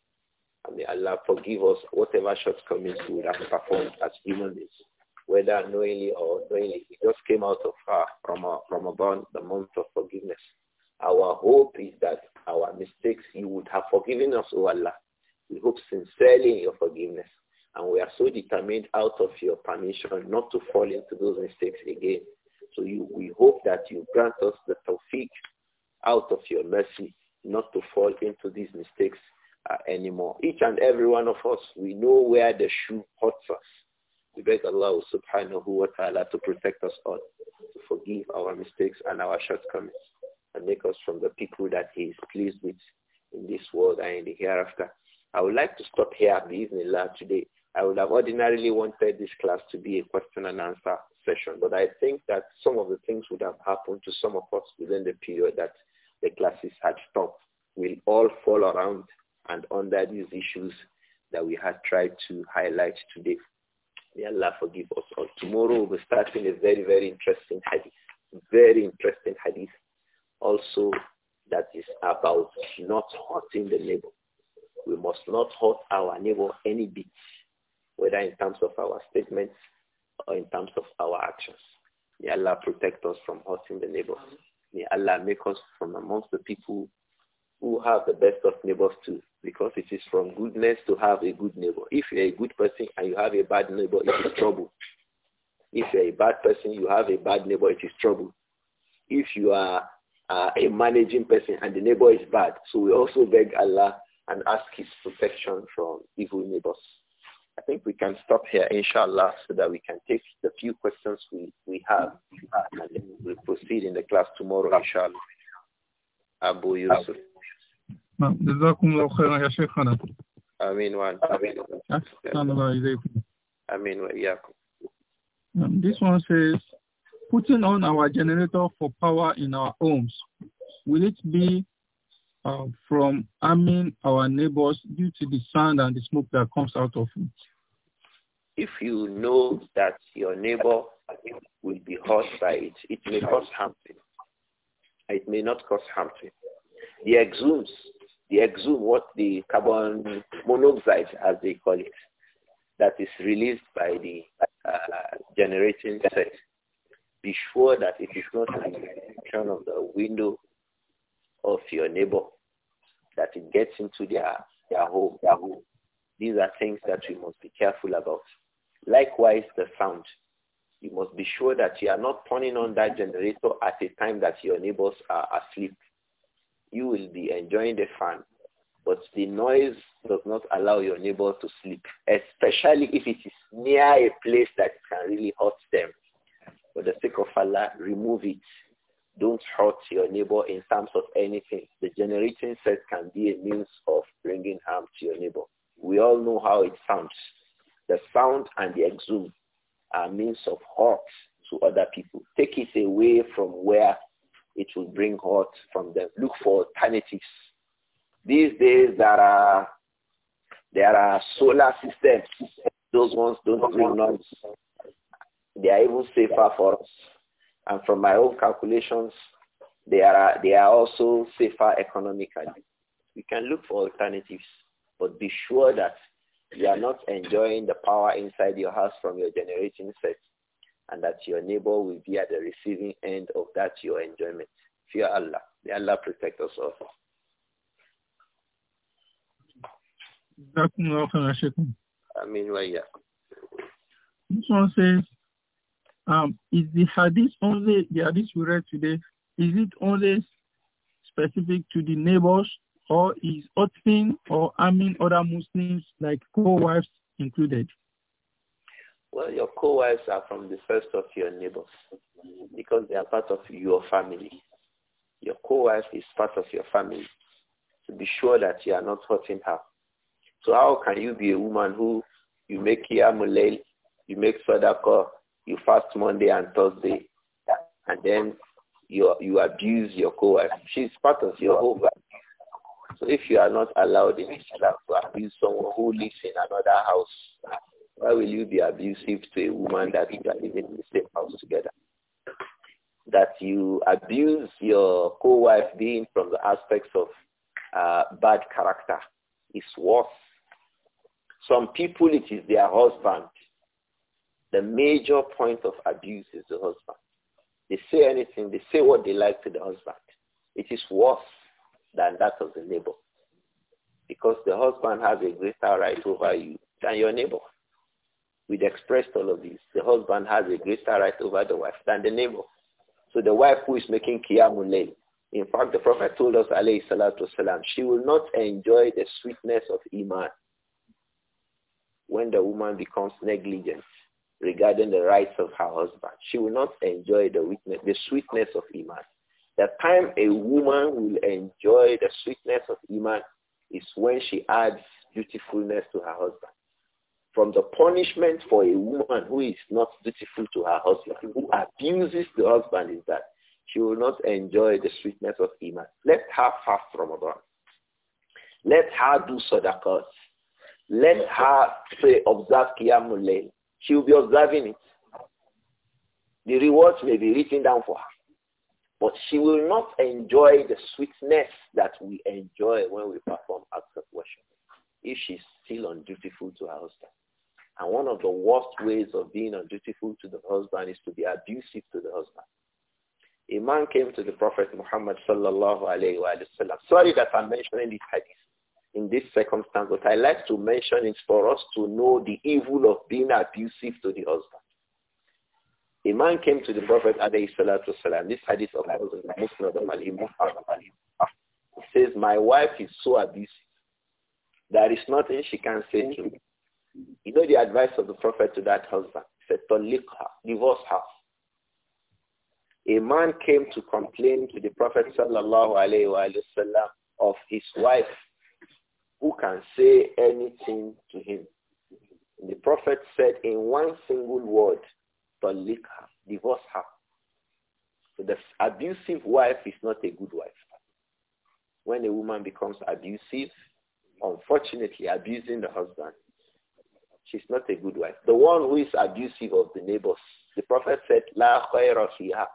May Allah forgive us whatever shortcomings we have performed as human beings, whether knowingly or unknowingly. We just came out of uh, from uh, from the month of forgiveness. Our hope is that our mistakes you would have forgiven us, O Allah. We hope sincerely in your forgiveness. And we are so determined out of your permission not to fall into those mistakes again. So you, we hope that you grant us the tawfiq out of your mercy not to fall into these mistakes uh, anymore. Each and every one of us, we know where the shoe hurts us. We beg Allah subhanahu wa ta'ala to protect us all, to forgive our mistakes and our shortcomings, and make us from the people that he is pleased with in this world and in the hereafter. I would like to stop here, at the lab today. I would have ordinarily wanted this class to be a question and answer session, but I think that some of the things would have happened to some of us within the period that the classes had stopped. We'll all fall around and under these issues that we have tried to highlight today. May Allah forgive us all. Tomorrow we'll be starting a very, very interesting hadith. Very interesting hadith. Also that is about not hurting the neighbor. We must not hurt our neighbor any bit, whether in terms of our statements or in terms of our actions. May Allah protect us from hurting the neighbor. May Allah make us from amongst the people who have the best of neighbors too, because it is from goodness to have a good neighbor. If you're a good person and you have a bad neighbor, it is trouble. If you're a bad person, you have a bad neighbor, it is trouble. If you are uh, a managing person and the neighbor is bad, so we also beg Allah and ask his protection from evil neighbors. I think we can stop here, inshallah, so that we can take the few questions we, we have, and then we'll proceed in the class tomorrow, inshallah. Abu Yusuf. جزاكم الله خيرا يا شيخنا آمين آمين آمين وإياكم um, This one says putting on our generator for power in our homes will it be uh, from harming our neighbors due to the sound and the smoke that comes out of it? If you know that your neighbor will be hurt by it, it may cause harm to him. It may not cause harm to him. The exhumes the exhume what the carbon monoxide, as they call it, that is released by the uh, generating set. Be sure that it is not the front of the window of your neighbor, that it gets into their, their, home, their home. These are things that we must be careful about. Likewise, the sound. You must be sure that you are not turning on that generator at a time that your neighbors are asleep you will be enjoying the fun. But the noise does not allow your neighbor to sleep, especially if it is near a place that can really hurt them. For the sake of Allah, remove it. Don't hurt your neighbor in terms of anything. The generating set can be a means of bringing harm to your neighbor. We all know how it sounds. The sound and the exude are means of hurt to other people. Take it away from where it will bring hot from them. Look for alternatives. These days there are there are solar systems. Those ones don't bring noise. They are even safer for us. And from my own calculations, they are they are also safer economically. We can look for alternatives, but be sure that you are not enjoying the power inside your house from your generating set and that your neighbor will be at the receiving end of that your enjoyment. Fear Allah. May Allah protect us all. I mean, This one says, um, is the hadith only, the hadith we read today, is it only specific to the neighbors or is outing or harming other Muslims like co-wives included? Well, your co-wives are from the first of your neighbors because they are part of your family. Your co-wife is part of your family. To so be sure that you are not hurting her. So how can you be a woman who you make Yamulel, you make Sadaqah, you fast Monday and Thursday, and then you, you abuse your co-wife. She's part of your home. So if you are not allowed in Islam to abuse someone who lives in another house, why will you be abusive to a woman that you are living in the same house together? That you abuse your co-wife being from the aspects of uh, bad character is worse. Some people, it is their husband. The major point of abuse is the husband. They say anything, they say what they like to the husband. It is worse than that of the neighbor because the husband has a greater right over you than your neighbor. We've expressed all of this. The husband has a greater right over the wife than the neighbor. So the wife who is making Qiyamul in fact, the Prophet told us, alayhi salatu wasalam, she will not enjoy the sweetness of Iman when the woman becomes negligent regarding the rights of her husband. She will not enjoy the, witness, the sweetness of Iman. The time a woman will enjoy the sweetness of Iman is when she adds beautifulness to her husband from the punishment for a woman who is not dutiful to her husband, who abuses the husband is that she will not enjoy the sweetness of Iman. Let her fast Ramadan. Let her do sadaqahs. Let her say, observe Qiyamul Layl. She will be observing it. The rewards may be written down for her. But she will not enjoy the sweetness that we enjoy when we perform acts of worship if she's still undutiful to her husband. And one of the worst ways of being undutiful to the husband is to be abusive to the husband. A man came to the Prophet Muhammad sallallahu alayhi wa sallam. Sorry that I'm mentioning this hadith in this circumstance, but I like to mention it for us to know the evil of being abusive to the husband. A man came to the Prophet alayhi This hadith of Muslim says, my wife is so abusive. There is nothing she can say to me. You know the advice of the Prophet to that husband. He said, Taliqha, divorce her. A man came to complain to the Prophet sallallahu alayhi wa sallam of his wife who can say anything to him. The Prophet said in one single word, Taliqha, divorce her. So the abusive wife is not a good wife. When a woman becomes abusive, unfortunately abusing the husband, She's not a good wife. The one who is abusive of the neighbors. The Prophet said, La khayra fiha.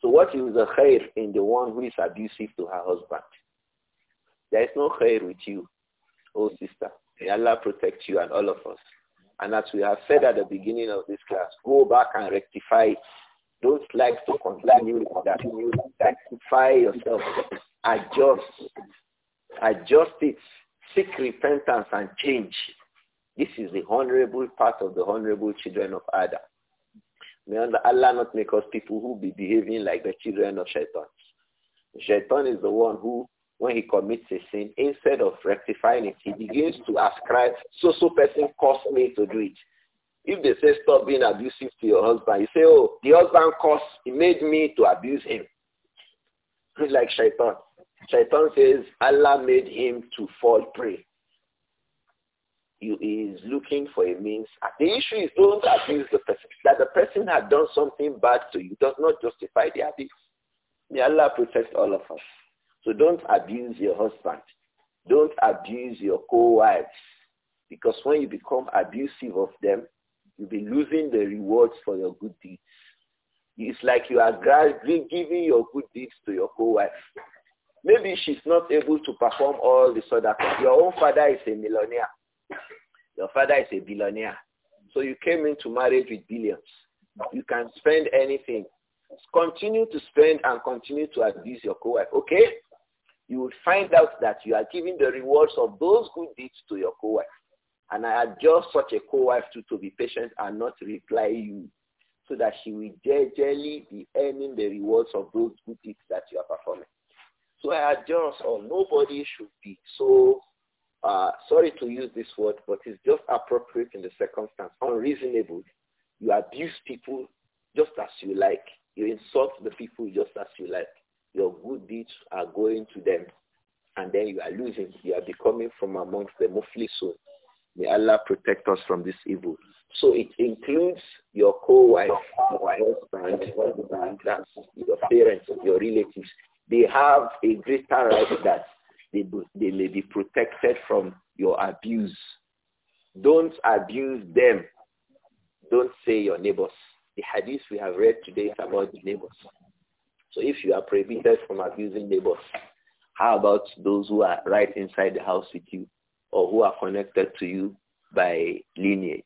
So what is the khair in the one who is abusive to her husband? There is no khair with you, oh sister. May Allah protect you and all of us. And as we have said at the beginning of this class, go back and rectify Don't like to continue with that. Rectify yourself. Adjust. Adjust it. Seek repentance and change. This is the honorable part of the honorable children of Adam. May Allah not make us people who be behaving like the children of Shaitan. Shaitan is the one who, when he commits a sin, instead of rectifying it, he begins to ascribe, so-so person caused me to do it. If they say stop being abusive to your husband, you say, oh, the husband caused, he made me to abuse him. like Shaitan. Shaitan says, Allah made him to fall prey you, is looking for a means. The issue is don't abuse the person. That the person had done something bad to you does not justify the abuse. May Allah protect all of us. So don't abuse your husband. Don't abuse your co-wives. Because when you become abusive of them, you'll be losing the rewards for your good deeds. It's like you are gradually giving your good deeds to your co-wife. Maybe she's not able to perform all the that Your own father is a millionaire. Your father is a billionaire. So you came into marriage with billions. You can spend anything. Continue to spend and continue to abuse your co-wife, okay? You will find out that you are giving the rewards of those good deeds to your co-wife. And I adjust such a co-wife to, to be patient and not reply you so that she will gradually be earning the rewards of those good deeds that you are performing. So I adjust or nobody should be so uh, sorry to use this word, but it's just appropriate in the circumstance, unreasonable. You abuse people just as you like. You insult the people just as you like. Your good deeds are going to them, and then you are losing. You are becoming from amongst the muflisun. May Allah protect us from this evil. So it includes your co-wife, your husband, your parents, your relatives. They have a greater right that they, they may be protected from your abuse. Don't abuse them. Don't say your neighbors. The hadith we have read today is about the neighbors. So if you are prohibited from abusing neighbors, how about those who are right inside the house with you or who are connected to you by lineage?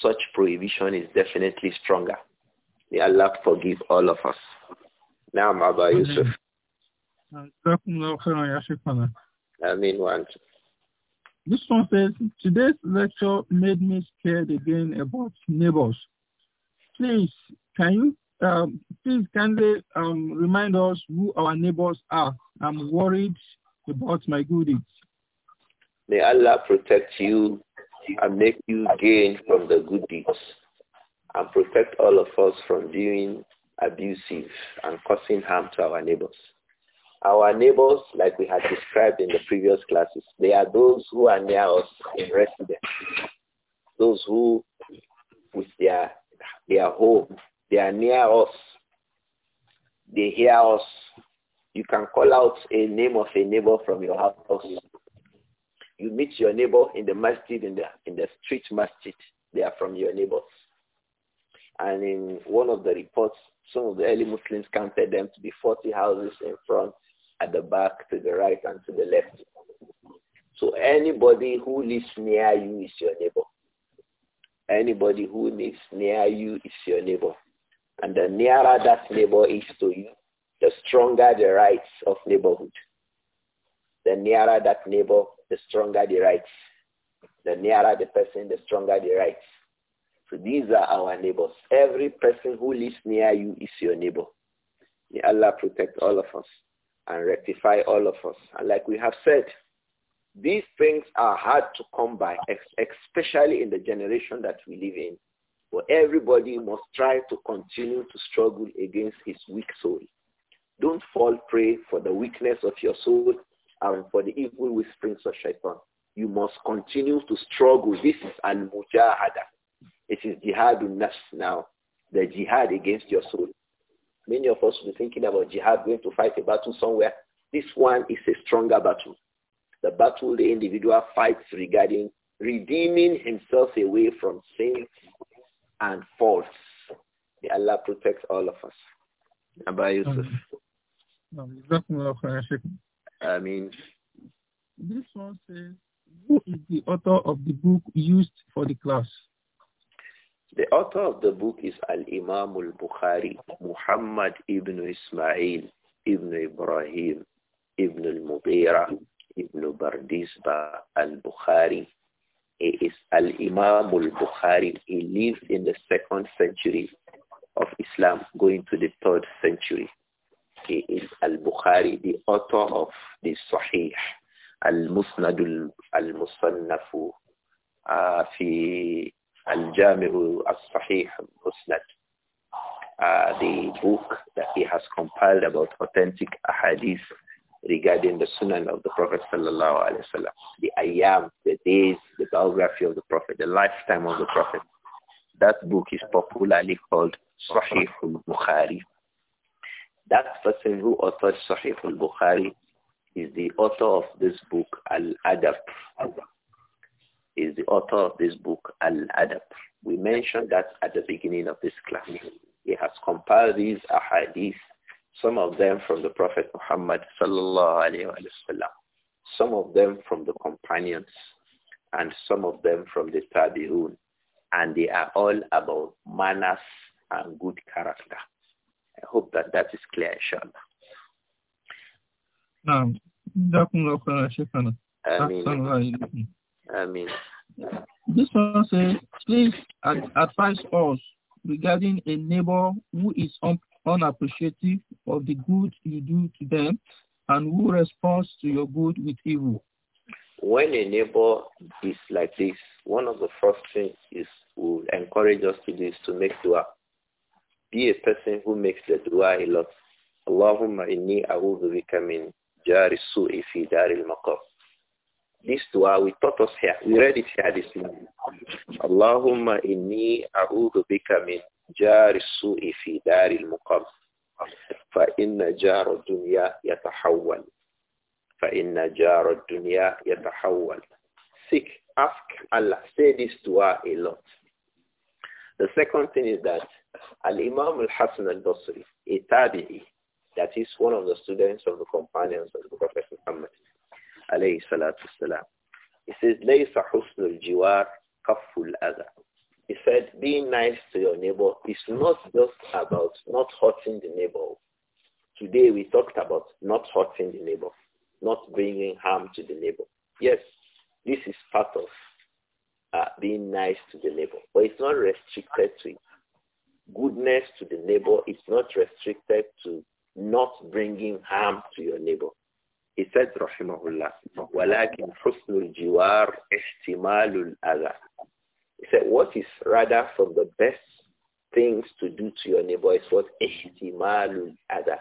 Such prohibition is definitely stronger. May Allah forgive all of us. Now, Abba Yusuf. جزاكم الله خيرا يا This one says, today's lecture made me scared again about neighbors. Please, can you, um, please kindly um, remind us who our neighbors are. I'm worried about my goodies. May Allah protect you and make you gain from the good deeds and protect all of us from doing abusive and causing harm to our neighbors. Our neighbors, like we had described in the previous classes, they are those who are near us in residence. Those who, with their, their home, they are near us. They hear us. You can call out a name of a neighbor from your house. You meet your neighbor in the masjid, in the, in the street masjid. They are from your neighbors. And in one of the reports, some of the early Muslims counted them to be 40 houses in front at the back, to the right, and to the left. So anybody who lives near you is your neighbor. Anybody who lives near you is your neighbor. And the nearer that neighbor is to you, the stronger the rights of neighborhood. The nearer that neighbor, the stronger the rights. The nearer the person, the stronger the rights. So these are our neighbors. Every person who lives near you is your neighbor. May Allah protect all of us and rectify all of us. And like we have said, these things are hard to come by, especially in the generation that we live in, where everybody must try to continue to struggle against his weak soul. Don't fall prey for the weakness of your soul and for the evil whisperings of shaitan. You must continue to struggle. This is al-mujahada. It is jihadun nafs now, the jihad against your soul. Many of us will be thinking about jihad, going to fight a battle somewhere. This one is a stronger battle. The battle the individual fights regarding redeeming himself away from sin and faults. May Allah protect all of us. Abba Yusuf. I mean, this one says, who is the author of the book used for the class? The author of the book is Al-Imam al-Bukhari, Muhammad ibn Ismail, ibn Ibrahim, ibn al mubira ibn Bardisba al-Bukhari. He is Al-Imam al-Bukhari. He lived in the second century of Islam, going to the third century. He is Al-Bukhari, the author of the Sahih, Al-Musnad al-Musannafu, uh, Al-Jami'u As-Sahih Musnad, uh, the book that he has compiled about authentic ahadith regarding the Sunan of the Prophet Sallallahu Alaihi Wasallam, the ayam, the days, the biography of the Prophet, the lifetime of the Prophet. That book is popularly called Sahih al-Bukhari. That person who authored Sahih al-Bukhari is the author of this book, Al-Adab is the author of this book, Al-Adab. We mentioned that at the beginning of this class. He has compiled these ahadith, some of them from the Prophet Muhammad sallallahu some of them from the companions, and some of them from the tabi'un. And they are all about manners and good character. I hope that that is clear, inshallah. نعم جزاكم الله خيرا شكرا this one says, please ad- advise us regarding a neighbor who is un- unappreciative of the good you do to them and who responds to your good with evil. When a neighbor is like this, one of the first things is will encourage us to do is to make dua. Be a person who makes the dua a lot. Allahumma inni a'udhu bika min jari su'i fi daril maqam. This dua we taught us here. We read it here this morning. Allahumma inni a'udhu bika min jari su'i fi dari al-muqam. Fa inna jara dunya yatahawwal. Fa inna jara dunya yatahawwal. Seek, ask Allah. Say this dua a lot. The second thing is that Al-Imam al-Hasan al-Basri, a tabi'i, that is one of the students of the companions of the Prophet Muhammad, alayhi salatu salam. He says, لَيْسَ حُسْنُ الْجِوَارِ كَفُّ الْأَذَى He said, being nice to your neighbor is not just about not hurting the neighbor. Today we talked about not hurting the neighbor, not bringing harm to the neighbor. Yes, this is part of uh, being nice to the neighbor, but it's not restricted to it. Goodness to the neighbor is not restricted to not bringing harm to your neighbor. He said, Rahimahullah, Walakin husnul الْجِوَارِ اِحْتِمَالُ الْأَذَى He said, what is rather from the best things to do to your neighbor is what? اِحْتِمَالُ الْأَذَى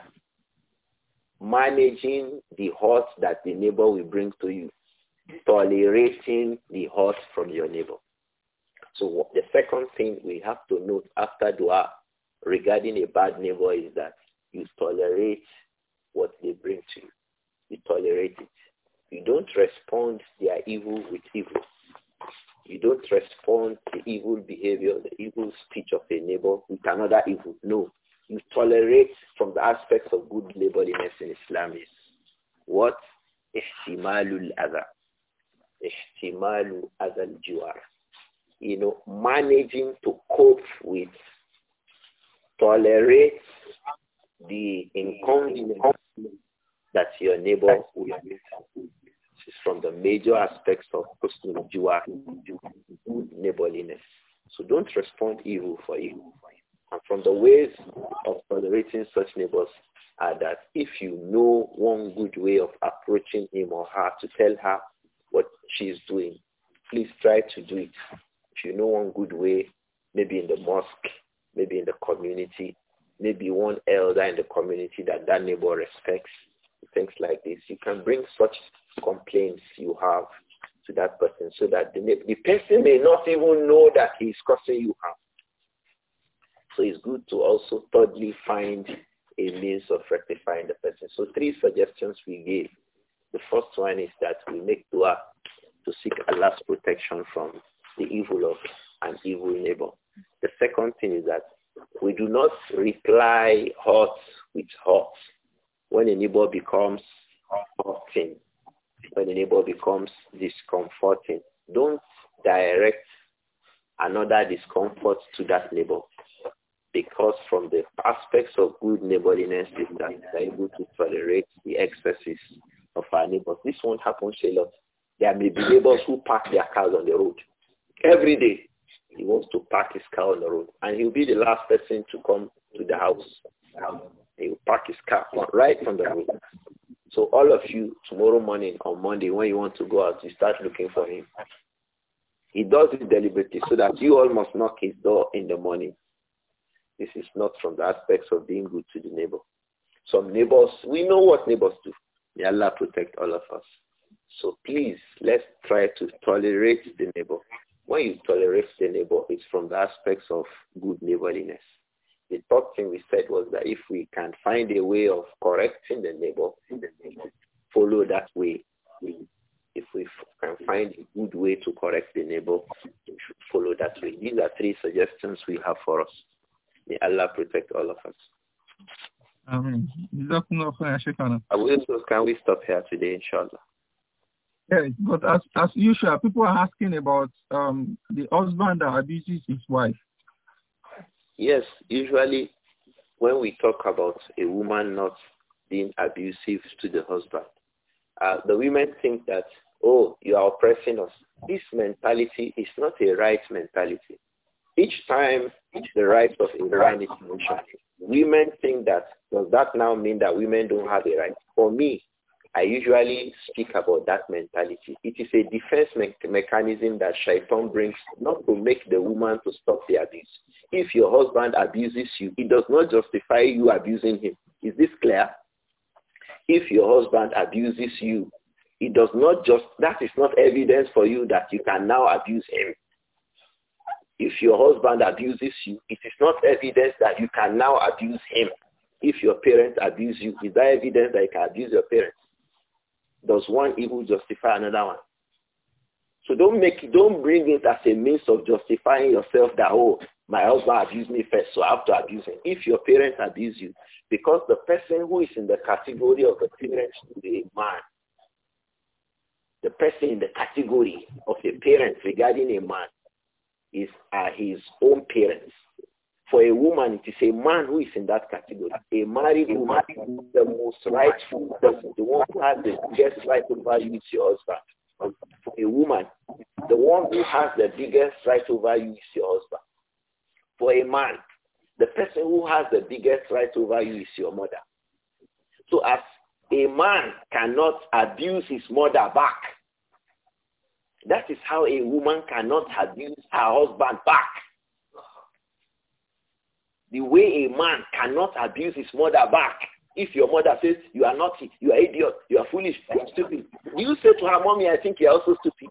Managing the hurt that the neighbor will bring to you. Tolerating the hurt from your neighbor. So the second thing we have to note after dua regarding a bad neighbor is that you tolerate what they bring to you. You tolerate it. You don't respond their evil with evil. You don't respond to evil behavior, the evil speech of a neighbor with another evil. No. You tolerate from the aspects of good neighborliness in Islam is what? Ihtimalul adha. Ihtimalul adha jiwar You know, managing to cope with, tolerate the inconvenience that your neighbor will This is from the major aspects of you are good neighborliness. So don't respond evil for evil. And from the ways of tolerating such neighbors are that if you know one good way of approaching him or her to tell her what she is doing, please try to do it. If you know one good way, maybe in the mosque, maybe in the community, maybe one elder in the community that that neighbor respects, things like this, you can bring such complaints you have to that person so that the, the person may not even know that he is causing you harm. So it's good to also thirdly find a means of rectifying the person. So three suggestions we gave. The first one is that we make dua to seek Allah's protection from the evil of an evil neighbor. The second thing is that we do not reply hot with hot when a neighbor becomes comforting, when a neighbor becomes discomforting, don't direct another discomfort to that neighbor. Because from the aspects of good neighborliness is that we're able to tolerate the excesses of our neighbors. This won't happen a lot. There may be neighbors who park their cars on the road. Every day he wants to park his car on the road and he'll be the last person to come to the house. He will park his car right from the road. So all of you, tomorrow morning or Monday, when you want to go out, you start looking for him. He does it deliberately so that you all must knock his door in the morning. This is not from the aspects of being good to the neighbor. Some neighbors, we know what neighbors do. May Allah protect all of us. So please, let's try to tolerate the neighbor. When you tolerate the neighbor, it's from the aspects of good neighborliness. The third thing we said was that if we can find a way of correcting the neighbor, follow that way. If we can find a good way to correct the neighbor, we should follow that way. These are three suggestions we have for us. May Allah protect all of us. Amen. Can we stop here today, inshallah? Yes, but as, as usual, people are asking about um, the husband that abuses his wife. Yes, usually when we talk about a woman not being abusive to the husband, uh, the women think that, oh, you are oppressing us. This mentality is not a right mentality. Each time the rights of a man is mentioned, women think that, does that now mean that women don't have a right? For me, I usually speak about that mentality. It is a defense me mechanism that shaitan brings not to make the woman to stop the abuse. If your husband abuses you, it does not justify you abusing him. Is this clear? If your husband abuses you, it does not just, that is not evidence for you that you can now abuse him. If your husband abuses you, it is not evidence that you can now abuse him. If your parents abuse you, is that evidence that you can abuse your parents? does one evil justify another one? So don't make it, don't bring it as a means of justifying yourself that, oh, my husband abused me first, so I have to abuse him. If your parents abuse you, because the person who is in the category of the parents to a man, the person in the category of a parent regarding a man is uh, his own parents. For a woman, it is a man who is in that category. A married woman is the most rightful person, the one who has the biggest right over you is your husband. For a woman, the one who has the biggest right over you is your husband. For a man, the person who has the biggest right over you is your mother. So as a man cannot abuse his mother back, that is how a woman cannot abuse her husband back. The way a man cannot abuse his mother back. If your mother says, you are naughty, you are idiot, you are foolish, you are stupid. Do you say to her, mommy, I think you are also stupid?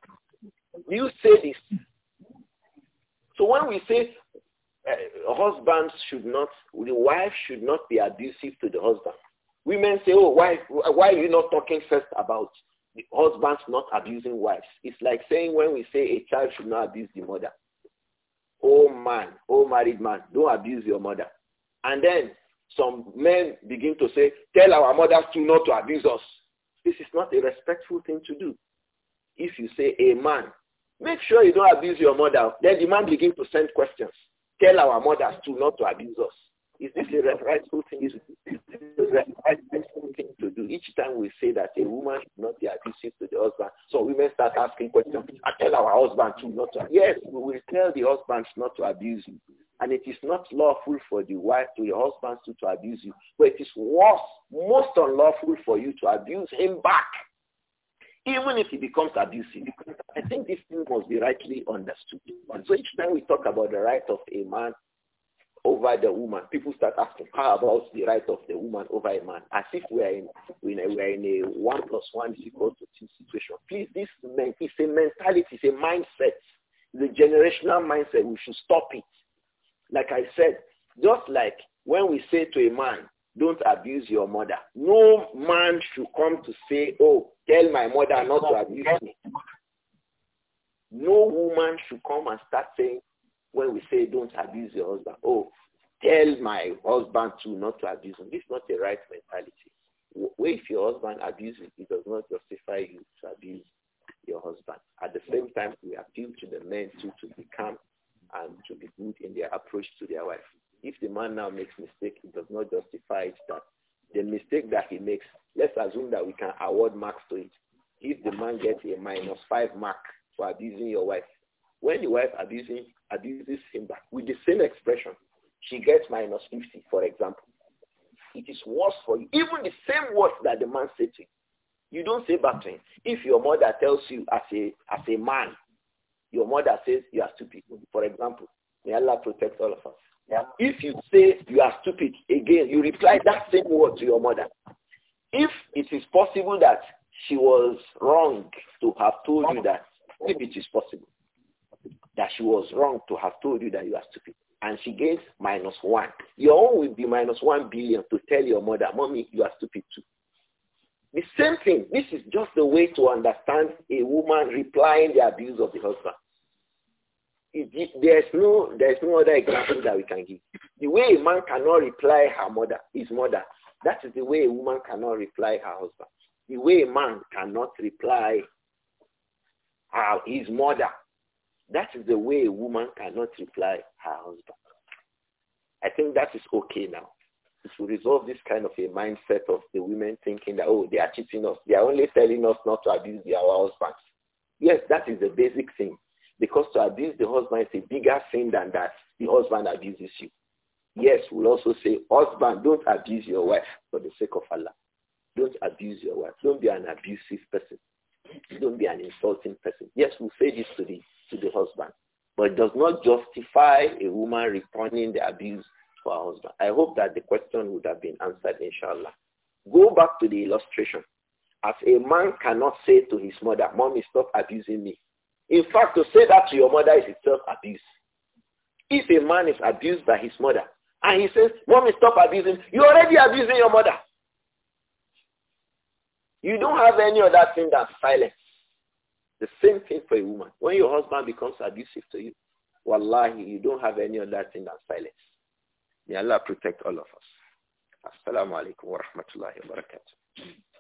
Do you say this? So when we say uh, husbands should not, the wife should not be abusive to the husband. Women say, oh, why, why are you not talking first about husbands not abusing wives? It's like saying when we say a child should not abuse the mother oh man, oh married man, don't abuse your mother. And then some men begin to say, tell our mothers to not to abuse us. This is not a respectful thing to do. If you say a man, make sure you don't abuse your mother. Then the man begin to send questions. Tell our mothers to not to abuse us. Is this the rightful thing? Is this a rightful thing to do? Each time we say that a woman should not be abusive to the husband, so women start asking questions. I tell our husband to not to. Yes, we will tell the husbands not to abuse you. And it is not lawful for the wife to your husband to, to abuse you. But it is worse, most unlawful for you to abuse him back, even if he becomes abusive. I think this thing must be rightly understood. And so each time we talk about the right of a man over the woman. People start asking, how about the right of the woman over a man? As if we are in, we are in a one plus one is equal to two situation. Please, this men, it's a mentality, it's a mindset, the generational mindset. We should stop it. Like I said, just like when we say to a man, don't abuse your mother. No man should come to say, oh, tell my mother not to abuse me. No woman should come and start saying, when we say don't abuse your husband, oh, tell my husband to not to abuse him. This is not the right mentality. If your husband abuses, it does not justify you to abuse your husband. At the same time, we appeal to the men too to be calm and to be good in their approach to their wife. If the man now makes mistake, it does not justify it that the mistake that he makes, let's assume that we can award marks to it. If the man gets a minus five mark for abusing your wife, when the wife abusing, abuses him back with the same expression, she gets minus 50, for example. It is worse for you. Even the same words that the man said to you. You don't say back to him. If your mother tells you as a, as a man, your mother says you are stupid, for example, may Allah protect all of us. Yeah. If you say you are stupid, again, you reply that same word to your mother. If it is possible that she was wrong to have told you that, if it is possible, that she was wrong to have told you that you are stupid. And she gains minus one. Your own will be minus one billion to tell your mother, mommy, you are stupid too. The same thing. This is just the way to understand a woman replying the abuse of the husband. It, it, there's no there's no other example that we can give. The way a man cannot reply her mother, his mother, that is the way a woman cannot reply her husband. The way a man cannot reply his mother, that is the way a woman cannot reply her husband. I think that is okay now. It will resolve this kind of a mindset of the women thinking that, oh, they are cheating us. They are only telling us not to abuse their husbands. Yes, that is the basic thing. Because to abuse the husband is a bigger thing than that the husband abuses you. Yes, we'll also say, husband, don't abuse your wife for the sake of Allah. Don't abuse your wife. Don't be an abusive person. Don't be an insulting person. Yes, we say this to the, to the husband, but it does not justify a woman returning the abuse to her husband. I hope that the question would have been answered, inshallah. Go back to the illustration. As a man cannot say to his mother, Mommy, stop abusing me. In fact, to say that to your mother is itself abuse. If a man is abused by his mother and he says, Mommy, stop abusing, you're already abusing your mother. You don't have any other thing that silence. The same thing for a woman. When your husband becomes abusive to you, wallahi, you don't have any other thing that silence. May Allah protect all of us. Assalamu alaikum wa rahmatullahi wa barakatuh.